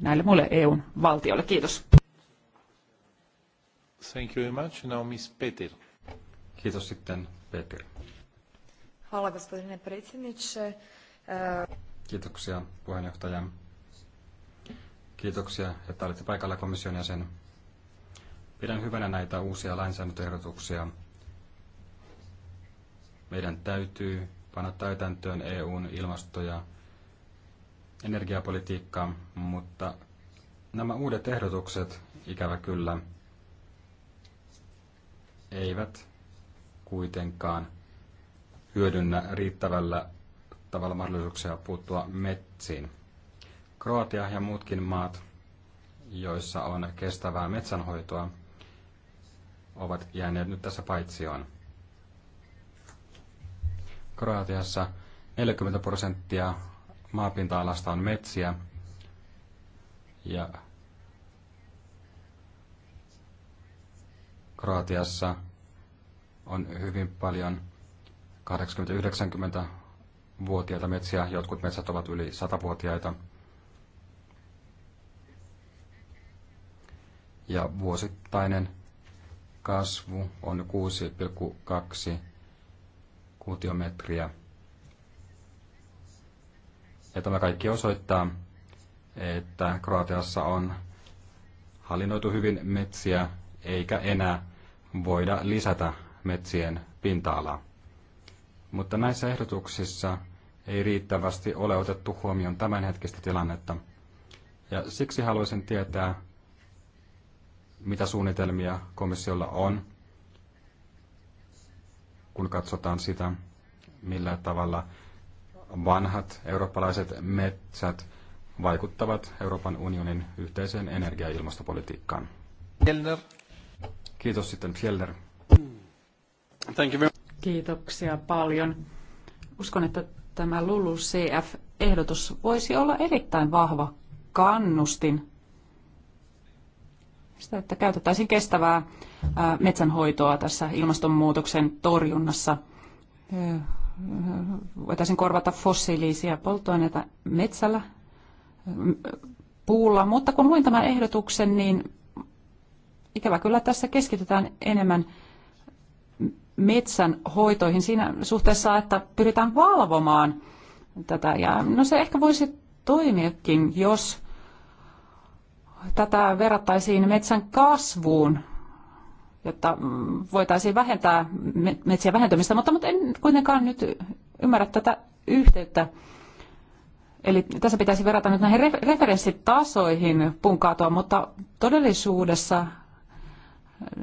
näille muille EUn valtioille. Kiitos. Thank you very much. Now Miss Peter. Kiitos sitten Peter. Hvala gospodine predsjedniče. E, Kiitoksia puheenjohtaja. Kiitoksia, että olitte paikalla komission jäsen. Pidän hyvänä näitä uusia lainsäädäntöehdotuksia, meidän täytyy panna täytäntöön EUn ilmasto- ja energiapolitiikkaa, mutta nämä uudet ehdotukset, ikävä kyllä, eivät kuitenkaan hyödynnä riittävällä tavalla mahdollisuuksia puuttua metsiin. Kroatia ja muutkin maat, joissa on kestävää metsänhoitoa, ovat jääneet nyt tässä paitsioon. Kroatiassa 40 prosenttia maapinta-alasta on metsiä ja Kroatiassa on hyvin paljon 80-90-vuotiaita metsiä, jotkut metsät ovat yli 100-vuotiaita. Ja vuosittainen kasvu on 6,2 kuutiometriä. Ja tämä kaikki osoittaa, että Kroatiassa on hallinnoitu hyvin metsiä, eikä enää voida lisätä metsien pinta-alaa. Mutta näissä ehdotuksissa ei riittävästi ole otettu huomioon tämänhetkistä tilannetta. Ja siksi haluaisin tietää, mitä suunnitelmia komissiolla on kun katsotaan sitä, millä tavalla vanhat eurooppalaiset metsät vaikuttavat Euroopan unionin yhteiseen energia- ja ilmastopolitiikkaan. Fjellner. Kiitos sitten Fjellner. Thank you very Kiitoksia paljon. Uskon, että tämä LULU-CF-ehdotus voisi olla erittäin vahva kannustin sitä, että käytettäisiin kestävää metsänhoitoa tässä ilmastonmuutoksen torjunnassa. Voitaisiin korvata fossiilisia polttoaineita metsällä, puulla, mutta kun luin tämän ehdotuksen, niin ikävä kyllä tässä keskitytään enemmän metsän hoitoihin siinä suhteessa, että pyritään valvomaan tätä. Ja no se ehkä voisi toimiakin, jos tätä verrattaisiin metsän kasvuun, jotta voitaisiin vähentää metsien vähentämistä, mutta, mutta en kuitenkaan nyt ymmärrä tätä yhteyttä. Eli tässä pitäisi verrata nyt näihin referenssitasoihin punkaatoa, mutta todellisuudessa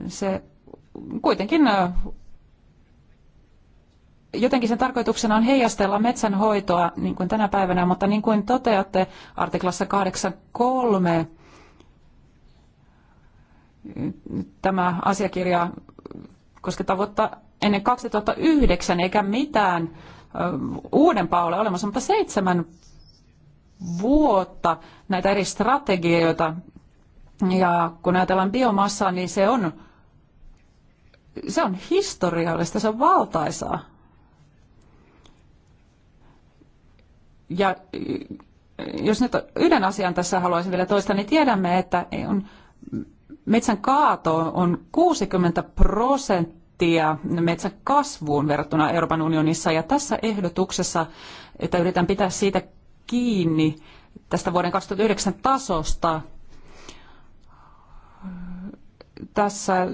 se kuitenkin jotenkin sen tarkoituksena on heijastella metsänhoitoa, niin kuin tänä päivänä, mutta niin kuin toteatte artiklassa 8.3, tämä asiakirja koska tavoitta ennen 2009, eikä mitään uudempaa ole olemassa, mutta seitsemän vuotta näitä eri strategioita. Ja kun ajatellaan biomassaa, niin se on, se on historiallista, se on valtaisaa. Ja jos nyt yhden asian tässä haluaisin vielä toistaa, niin tiedämme, että on Metsän kaato on 60 prosenttia metsän kasvuun verrattuna Euroopan unionissa ja tässä ehdotuksessa, että yritän pitää siitä kiinni tästä vuoden 2009 tasosta, tässä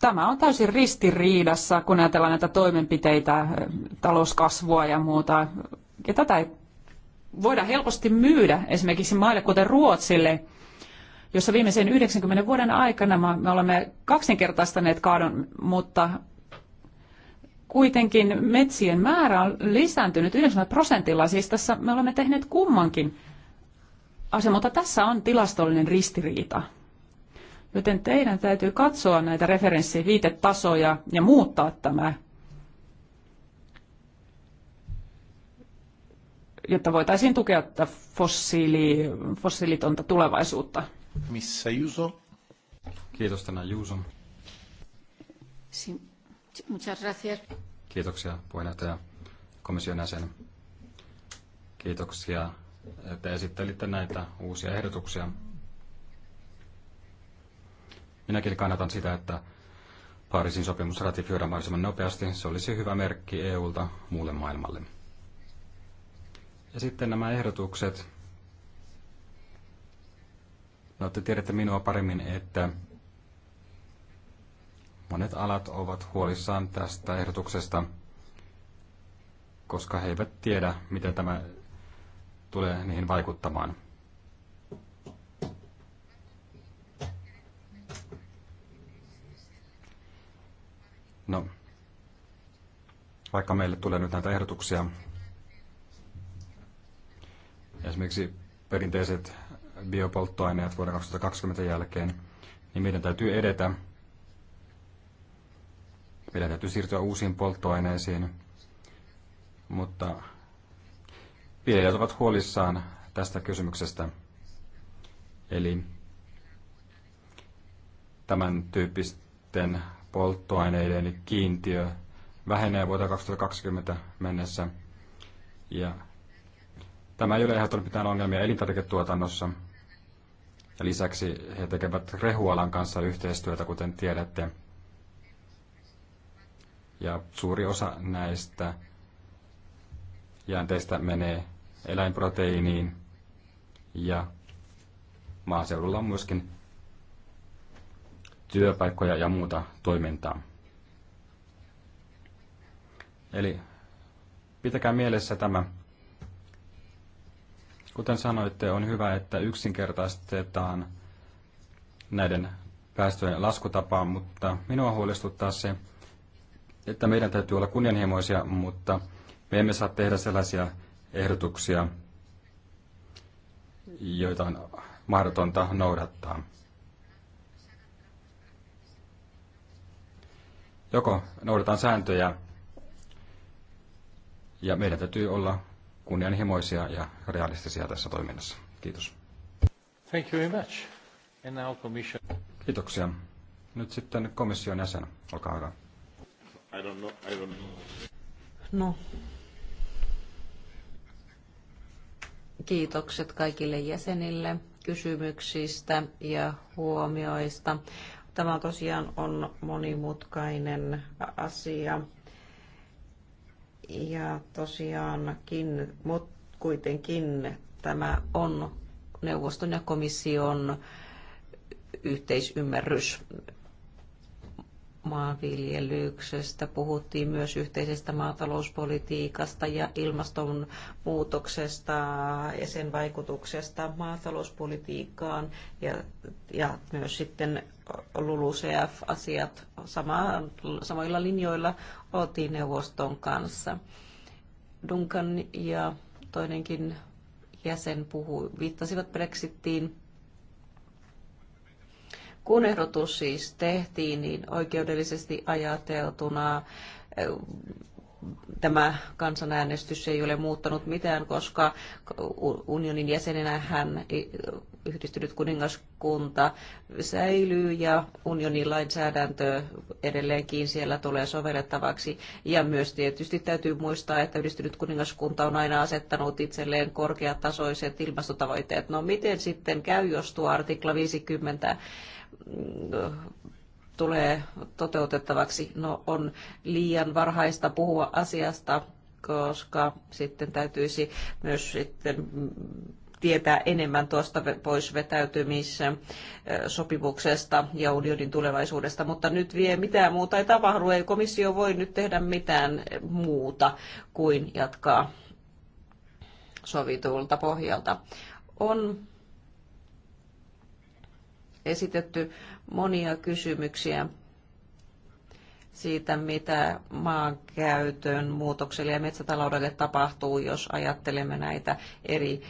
tämä on täysin ristiriidassa, kun ajatellaan näitä toimenpiteitä, talouskasvua ja muuta. Ja tätä ei voida helposti myydä esimerkiksi maille, kuten Ruotsille, jossa viimeisen 90 vuoden aikana me olemme kaksinkertaistaneet kaadon, mutta kuitenkin metsien määrä on lisääntynyt 90 prosentilla. Siis tässä me olemme tehneet kummankin asia, mutta tässä on tilastollinen ristiriita. Joten teidän täytyy katsoa näitä referenssiviitetasoja ja muuttaa tämä, jotta voitaisiin tukea tätä fossiili, fossiilitonta tulevaisuutta. Missä Kiitos Juuso. Sí. Muchas gracias. Kiitoksia puheenjohtaja komission jäsen. Kiitoksia, että esittelitte näitä uusia ehdotuksia. Minäkin kannatan sitä, että Pariisin sopimus ratifioidaan mahdollisimman nopeasti. Se olisi hyvä merkki EUlta muulle maailmalle. Ja sitten nämä ehdotukset, No te tiedätte minua paremmin, että monet alat ovat huolissaan tästä ehdotuksesta, koska he eivät tiedä, miten tämä tulee niihin vaikuttamaan. No, vaikka meille tulee nyt näitä ehdotuksia, esimerkiksi perinteiset biopolttoaineet vuoden 2020 jälkeen, niin meidän täytyy edetä. Meidän täytyy siirtyä uusiin polttoaineisiin, mutta viljelijät ovat huolissaan tästä kysymyksestä. Eli tämän tyyppisten polttoaineiden kiintiö vähenee vuoteen 2020 mennessä. Ja tämä ei ole ehdottanut mitään ongelmia elintarviketuotannossa, ja lisäksi he tekevät rehualan kanssa yhteistyötä, kuten tiedätte. Ja suuri osa näistä jäänteistä menee eläinproteiiniin ja maaseudulla on myöskin työpaikkoja ja muuta toimintaa. Eli pitäkää mielessä tämä. Kuten sanoitte, on hyvä, että yksinkertaistetaan näiden päästöjen laskutapaa, mutta minua huolestuttaa se, että meidän täytyy olla kunnianhimoisia, mutta me emme saa tehdä sellaisia ehdotuksia, joita on mahdotonta noudattaa. Joko noudataan sääntöjä ja meidän täytyy olla kunnianhimoisia ja realistisia tässä toiminnassa. Kiitos. Thank you very much. And now commission. Kiitoksia. Nyt sitten komission jäsen, olkaa hyvä. I don't know, I don't know. No. Kiitokset kaikille jäsenille kysymyksistä ja huomioista. Tämä tosiaan on monimutkainen asia ja tosiaankin, mutta kuitenkin tämä on neuvoston ja komission yhteisymmärrys maanviljelyksestä, puhuttiin myös yhteisestä maatalouspolitiikasta ja ilmastonmuutoksesta ja sen vaikutuksesta maatalouspolitiikkaan ja, ja myös sitten LULUCF-asiat sama, samoilla linjoilla oltiin neuvoston kanssa. Duncan ja toinenkin jäsen puhui, viittasivat Brexittiin. Kun ehdotus siis tehtiin, niin oikeudellisesti ajateltuna tämä kansanäänestys ei ole muuttanut mitään, koska unionin jäsenenä hän yhdistynyt kuningaskunta säilyy ja unionin lainsäädäntö edelleenkin siellä tulee sovellettavaksi. Ja myös tietysti täytyy muistaa, että yhdistynyt kuningaskunta on aina asettanut itselleen korkeatasoiset ilmastotavoitteet. No miten sitten käy, jos tuo artikla 50 tulee toteutettavaksi. No on liian varhaista puhua asiasta, koska sitten täytyisi myös sitten tietää enemmän tuosta pois sopimuksesta ja unionin tulevaisuudesta, mutta nyt vie mitään muuta ei tapahdu, ei komissio voi nyt tehdä mitään muuta kuin jatkaa sovitulta pohjalta. On esitetty monia kysymyksiä siitä, mitä maankäytön muutokselle ja metsätaloudelle tapahtuu, jos ajattelemme näitä eri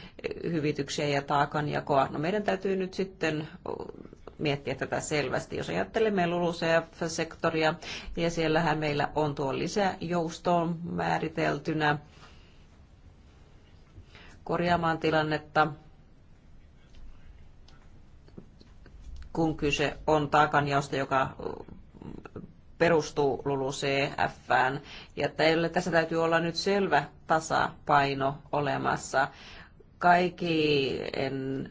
hyvityksiä ja taakanjakoa. No meidän täytyy nyt sitten miettiä tätä selvästi. Jos ajattelemme LULUCF-sektoria, ja siellähän meillä on tuo lisäjoustoon määriteltynä korjaamaan tilannetta – kun kyse on taakanjaosta, joka perustuu LULUCF-ään. Ja teille, tässä täytyy olla nyt selvä tasapaino olemassa. Kaikkien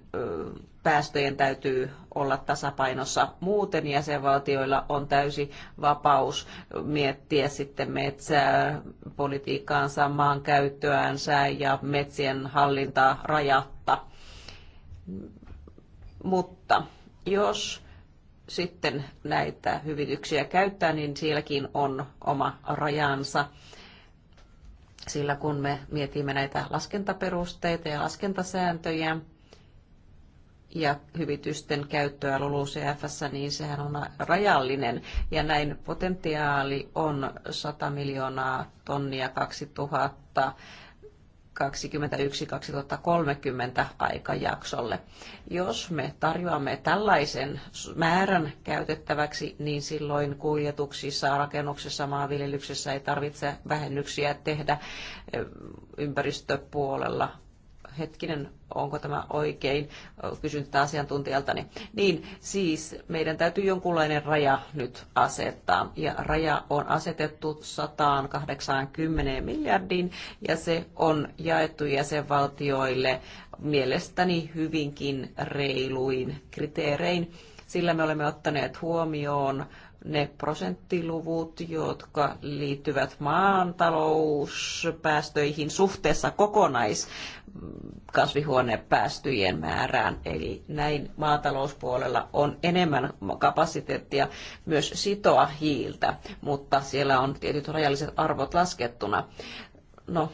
päästöjen täytyy olla tasapainossa. Muuten jäsenvaltioilla on täysi vapaus miettiä sitten metsäpolitiikkaansa, politiikkaansa, maankäyttöänsä ja metsien hallintaa rajatta. Mutta jos sitten näitä hyvityksiä käyttää, niin sielläkin on oma rajansa. Sillä kun me mietimme näitä laskentaperusteita ja laskentasääntöjä ja hyvitysten käyttöä LULUCFssä, niin sehän on rajallinen. Ja näin potentiaali on 100 miljoonaa tonnia 2000 2021-2030 aikajaksolle. Jos me tarjoamme tällaisen määrän käytettäväksi, niin silloin kuljetuksissa, rakennuksessa, maanviljelyksessä ei tarvitse vähennyksiä tehdä eh, ympäristöpuolella hetkinen, onko tämä oikein, kysyn tätä asiantuntijaltani. Niin siis meidän täytyy jonkunlainen raja nyt asettaa. Ja raja on asetettu 180 miljardiin ja se on jaettu jäsenvaltioille mielestäni hyvinkin reiluin kriteerein. Sillä me olemme ottaneet huomioon ne prosenttiluvut, jotka liittyvät maantalouspäästöihin suhteessa kokonaiskasvihuonepäästöjen määrään. Eli näin maatalouspuolella on enemmän kapasiteettia myös sitoa hiiltä, mutta siellä on tietyt rajalliset arvot laskettuna. No,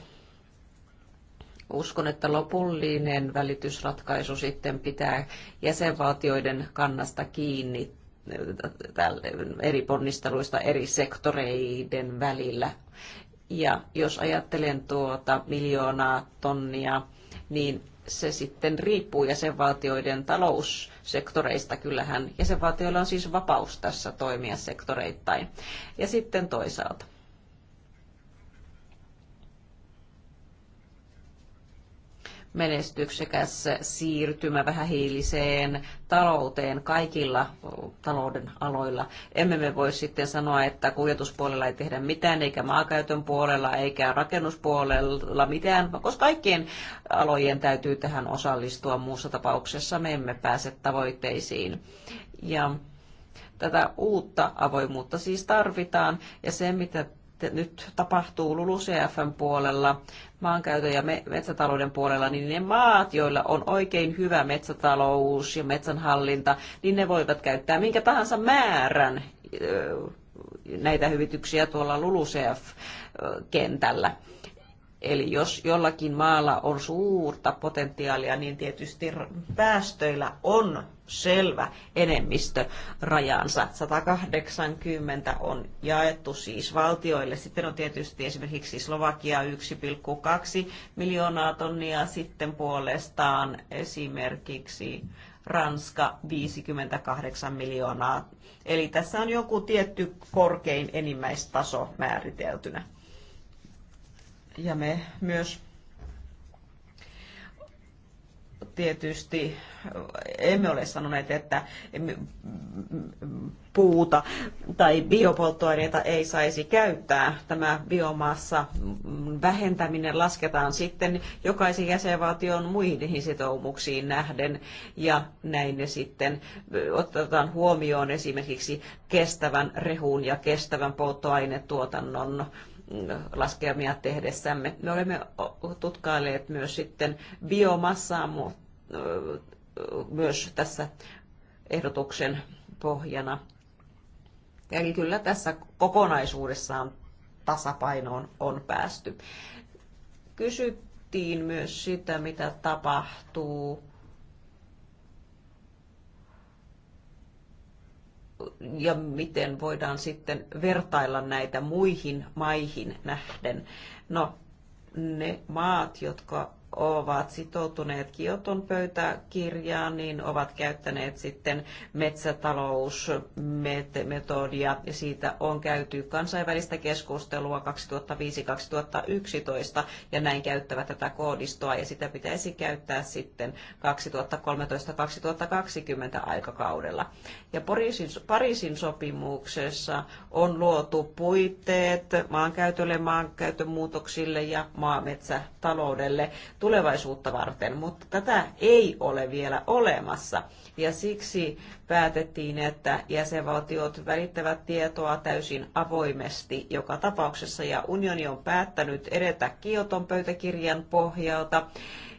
uskon, että lopullinen välitysratkaisu sitten pitää jäsenvaltioiden kannasta kiinni eri ponnisteluista eri sektoreiden välillä. Ja jos ajattelen tuota miljoonaa tonnia, niin se sitten riippuu jäsenvaltioiden taloussektoreista. Kyllähän jäsenvaltioilla on siis vapaus tässä toimia sektoreittain. Ja sitten toisaalta menestyksekäs siirtymä vähähiiliseen talouteen kaikilla talouden aloilla. Emme me voi sitten sanoa, että kuljetuspuolella ei tehdä mitään, eikä maakäytön puolella, eikä rakennuspuolella mitään, koska kaikkien alojen täytyy tähän osallistua. Muussa tapauksessa me emme pääse tavoitteisiin. Ja tätä uutta avoimuutta siis tarvitaan, ja se mitä nyt tapahtuu LULUCFn puolella, maankäytön ja metsätalouden puolella, niin ne maat, joilla on oikein hyvä metsätalous ja metsänhallinta, niin ne voivat käyttää minkä tahansa määrän näitä hyvityksiä tuolla LULUCF-kentällä. Eli jos jollakin maalla on suurta potentiaalia, niin tietysti päästöillä on selvä enemmistö rajansa. 180 on jaettu siis valtioille. Sitten on tietysti esimerkiksi Slovakia 1,2 miljoonaa tonnia, sitten puolestaan esimerkiksi Ranska 58 miljoonaa. Eli tässä on joku tietty korkein enimmäistaso määriteltynä. Ja me myös tietysti emme ole sanoneet, että puuta tai biopolttoaineita ei saisi käyttää. Tämä biomassa vähentäminen lasketaan sitten jokaisen jäsenvaltion muihin sitoumuksiin nähden ja näin ne sitten otetaan huomioon esimerkiksi kestävän rehun ja kestävän polttoainetuotannon laskelmia tehdessämme. Me olemme tutkailleet myös sitten biomassaa myös tässä ehdotuksen pohjana. Eli kyllä tässä kokonaisuudessaan tasapainoon on päästy. Kysyttiin myös sitä, mitä tapahtuu ja miten voidaan sitten vertailla näitä muihin maihin nähden. No, ne maat, jotka ovat sitoutuneet Kioton pöytäkirjaan, niin ovat käyttäneet sitten metsätalousmetodia ja siitä on käyty kansainvälistä keskustelua 2005-2011 ja näin käyttävät tätä koodistoa ja sitä pitäisi käyttää sitten 2013-2020 aikakaudella. Ja Pariisin, Pariisin sopimuksessa on luotu puitteet maankäytölle, maankäytön muutoksille ja maametsätaloudelle tulevaisuutta varten, mutta tätä ei ole vielä olemassa. Ja siksi päätettiin, että jäsenvaltiot välittävät tietoa täysin avoimesti joka tapauksessa, ja unioni on päättänyt edetä Kioton pöytäkirjan pohjalta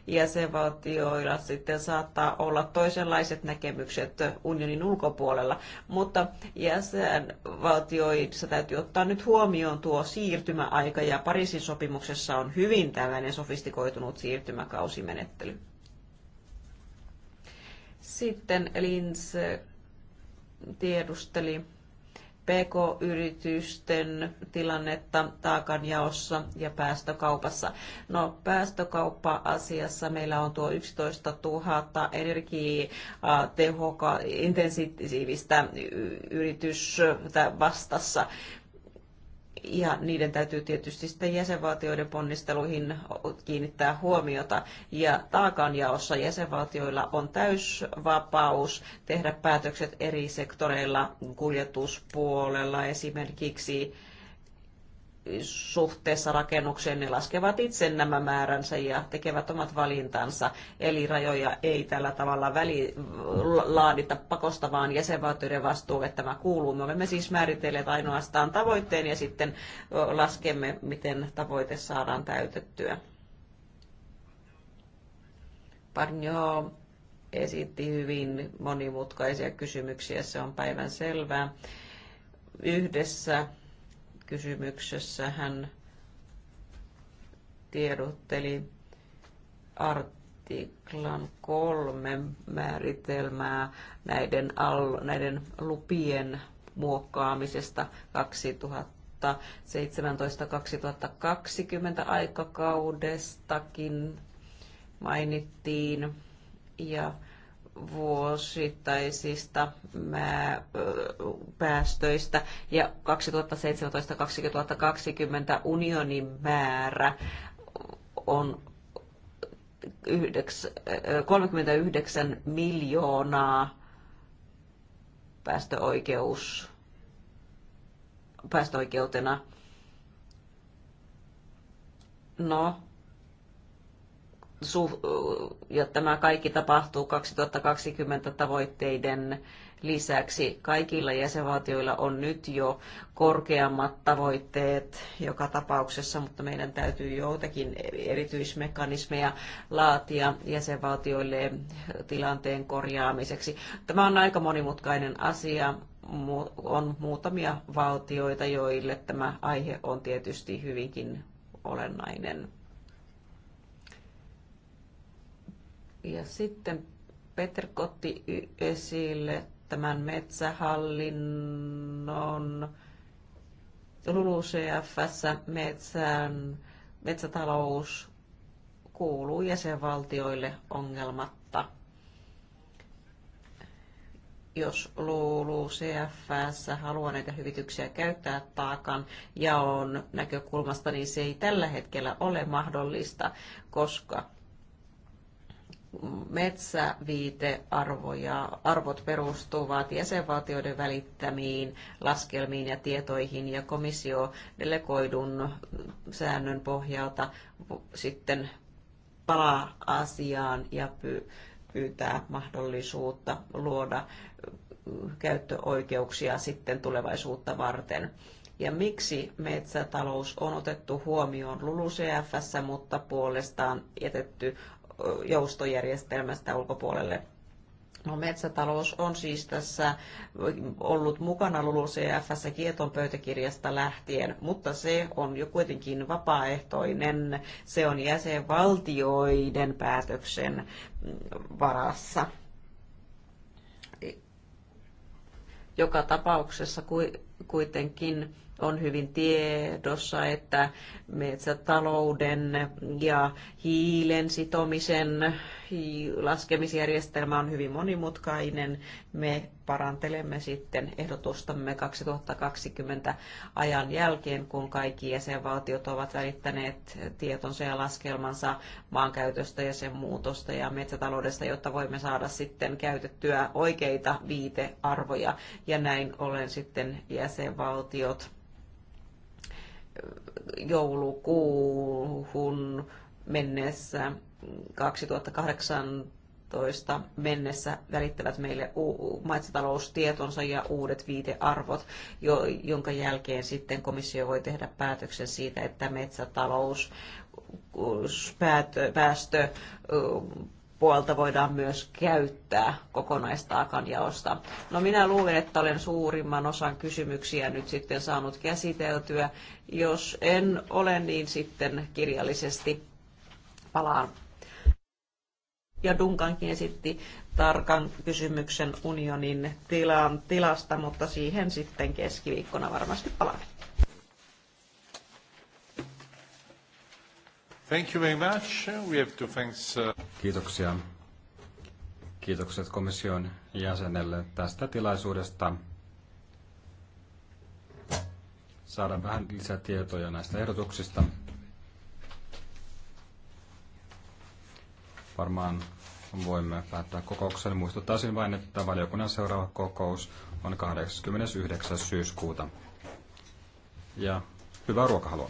jäsenvaltioilla sitten saattaa olla toisenlaiset näkemykset unionin ulkopuolella, mutta jäsenvaltioissa täytyy ottaa nyt huomioon tuo siirtymäaika ja Pariisin sopimuksessa on hyvin tällainen sofistikoitunut siirtymäkausimenettely. Sitten Lins tiedusteli PK-yritysten tilannetta taakanjaossa ja päästökaupassa. No päästökauppa-asiassa meillä on tuo 11 000 energiatehoka intensiivistä yritys vastassa ja niiden täytyy tietysti sitten jäsenvaltioiden ponnisteluihin kiinnittää huomiota. Ja taakanjaossa jäsenvaltioilla on täysvapaus tehdä päätökset eri sektoreilla, kuljetuspuolella esimerkiksi suhteessa rakennukseen, ne laskevat itse nämä määränsä ja tekevät omat valintansa. Eli rajoja ei tällä tavalla väli, laadita pakosta, vaan jäsenvaltioiden vastuulle tämä kuuluu. Me olemme siis määritelleet ainoastaan tavoitteen ja sitten laskemme, miten tavoite saadaan täytettyä. Parnio esitti hyvin monimutkaisia kysymyksiä, se on päivän selvää. Yhdessä kysymyksessä hän tiedotteli artiklan kolme määritelmää näiden, al, näiden lupien muokkaamisesta 2017-2020 aikakaudestakin mainittiin. Ja vuosittaisista päästöistä ja 2017-2020 unionin määrä on 39 miljoonaa päästöoikeus, päästöoikeutena. No, ja tämä kaikki tapahtuu 2020 tavoitteiden lisäksi. Kaikilla jäsenvaltioilla on nyt jo korkeammat tavoitteet joka tapauksessa, mutta meidän täytyy joitakin erityismekanismeja laatia jäsenvaltioille tilanteen korjaamiseksi. Tämä on aika monimutkainen asia. On muutamia valtioita, joille tämä aihe on tietysti hyvinkin olennainen. Ja sitten Peter kotti esille tämän metsähallinnon LULUCFssä metsän, metsätalous kuuluu jäsenvaltioille ongelmatta. Jos LULUCFssä haluaa näitä hyvityksiä käyttää taakan ja on näkökulmasta, niin se ei tällä hetkellä ole mahdollista, koska metsäviitearvoja, arvot perustuvat jäsenvaltioiden välittämiin laskelmiin ja tietoihin ja komissio delegoidun säännön pohjalta sitten palaa asiaan ja pyytää mahdollisuutta luoda mm, käyttöoikeuksia sitten tulevaisuutta varten ja miksi metsätalous on otettu huomioon LULUCFssä, mutta puolestaan jätetty joustojärjestelmästä ulkopuolelle. No, metsätalous on siis tässä ollut mukana LULUCFssä kieton pöytäkirjasta lähtien, mutta se on jo kuitenkin vapaaehtoinen, se on jäsenvaltioiden päätöksen varassa. Joka tapauksessa kuitenkin on hyvin tiedossa, että metsätalouden ja hiilen sitomisen laskemisjärjestelmä on hyvin monimutkainen. Me parantelemme sitten ehdotustamme 2020 ajan jälkeen, kun kaikki jäsenvaltiot ovat välittäneet tietonsa ja laskelmansa maankäytöstä ja sen muutosta ja metsätaloudesta, jotta voimme saada sitten käytettyä oikeita viitearvoja. Ja näin ollen sitten jäsenvaltiot joulukuuhun mennessä 2018 mennessä välittävät meille maitsataloustietonsa ja uudet viitearvot, jo, jonka jälkeen sitten komissio voi tehdä päätöksen siitä, että metsätalous päästö puolta voidaan myös käyttää kokonaista jaosta. No minä luulen, että olen suurimman osan kysymyksiä nyt sitten saanut käsiteltyä. Jos en ole, niin sitten kirjallisesti palaan. Ja Dunkankin esitti tarkan kysymyksen unionin tilan, tilasta, mutta siihen sitten keskiviikkona varmasti palaamme. Thank you very much. We have to thanks, uh, Kiitoksia. Kiitokset komission jäsenelle tästä tilaisuudesta saada vähän lisätietoja näistä ehdotuksista. Varmaan voimme päättää kokouksen. Muistuttaisin vain, että valiokunnan seuraava kokous on 89. syyskuuta. Ja hyvää ruokahalua!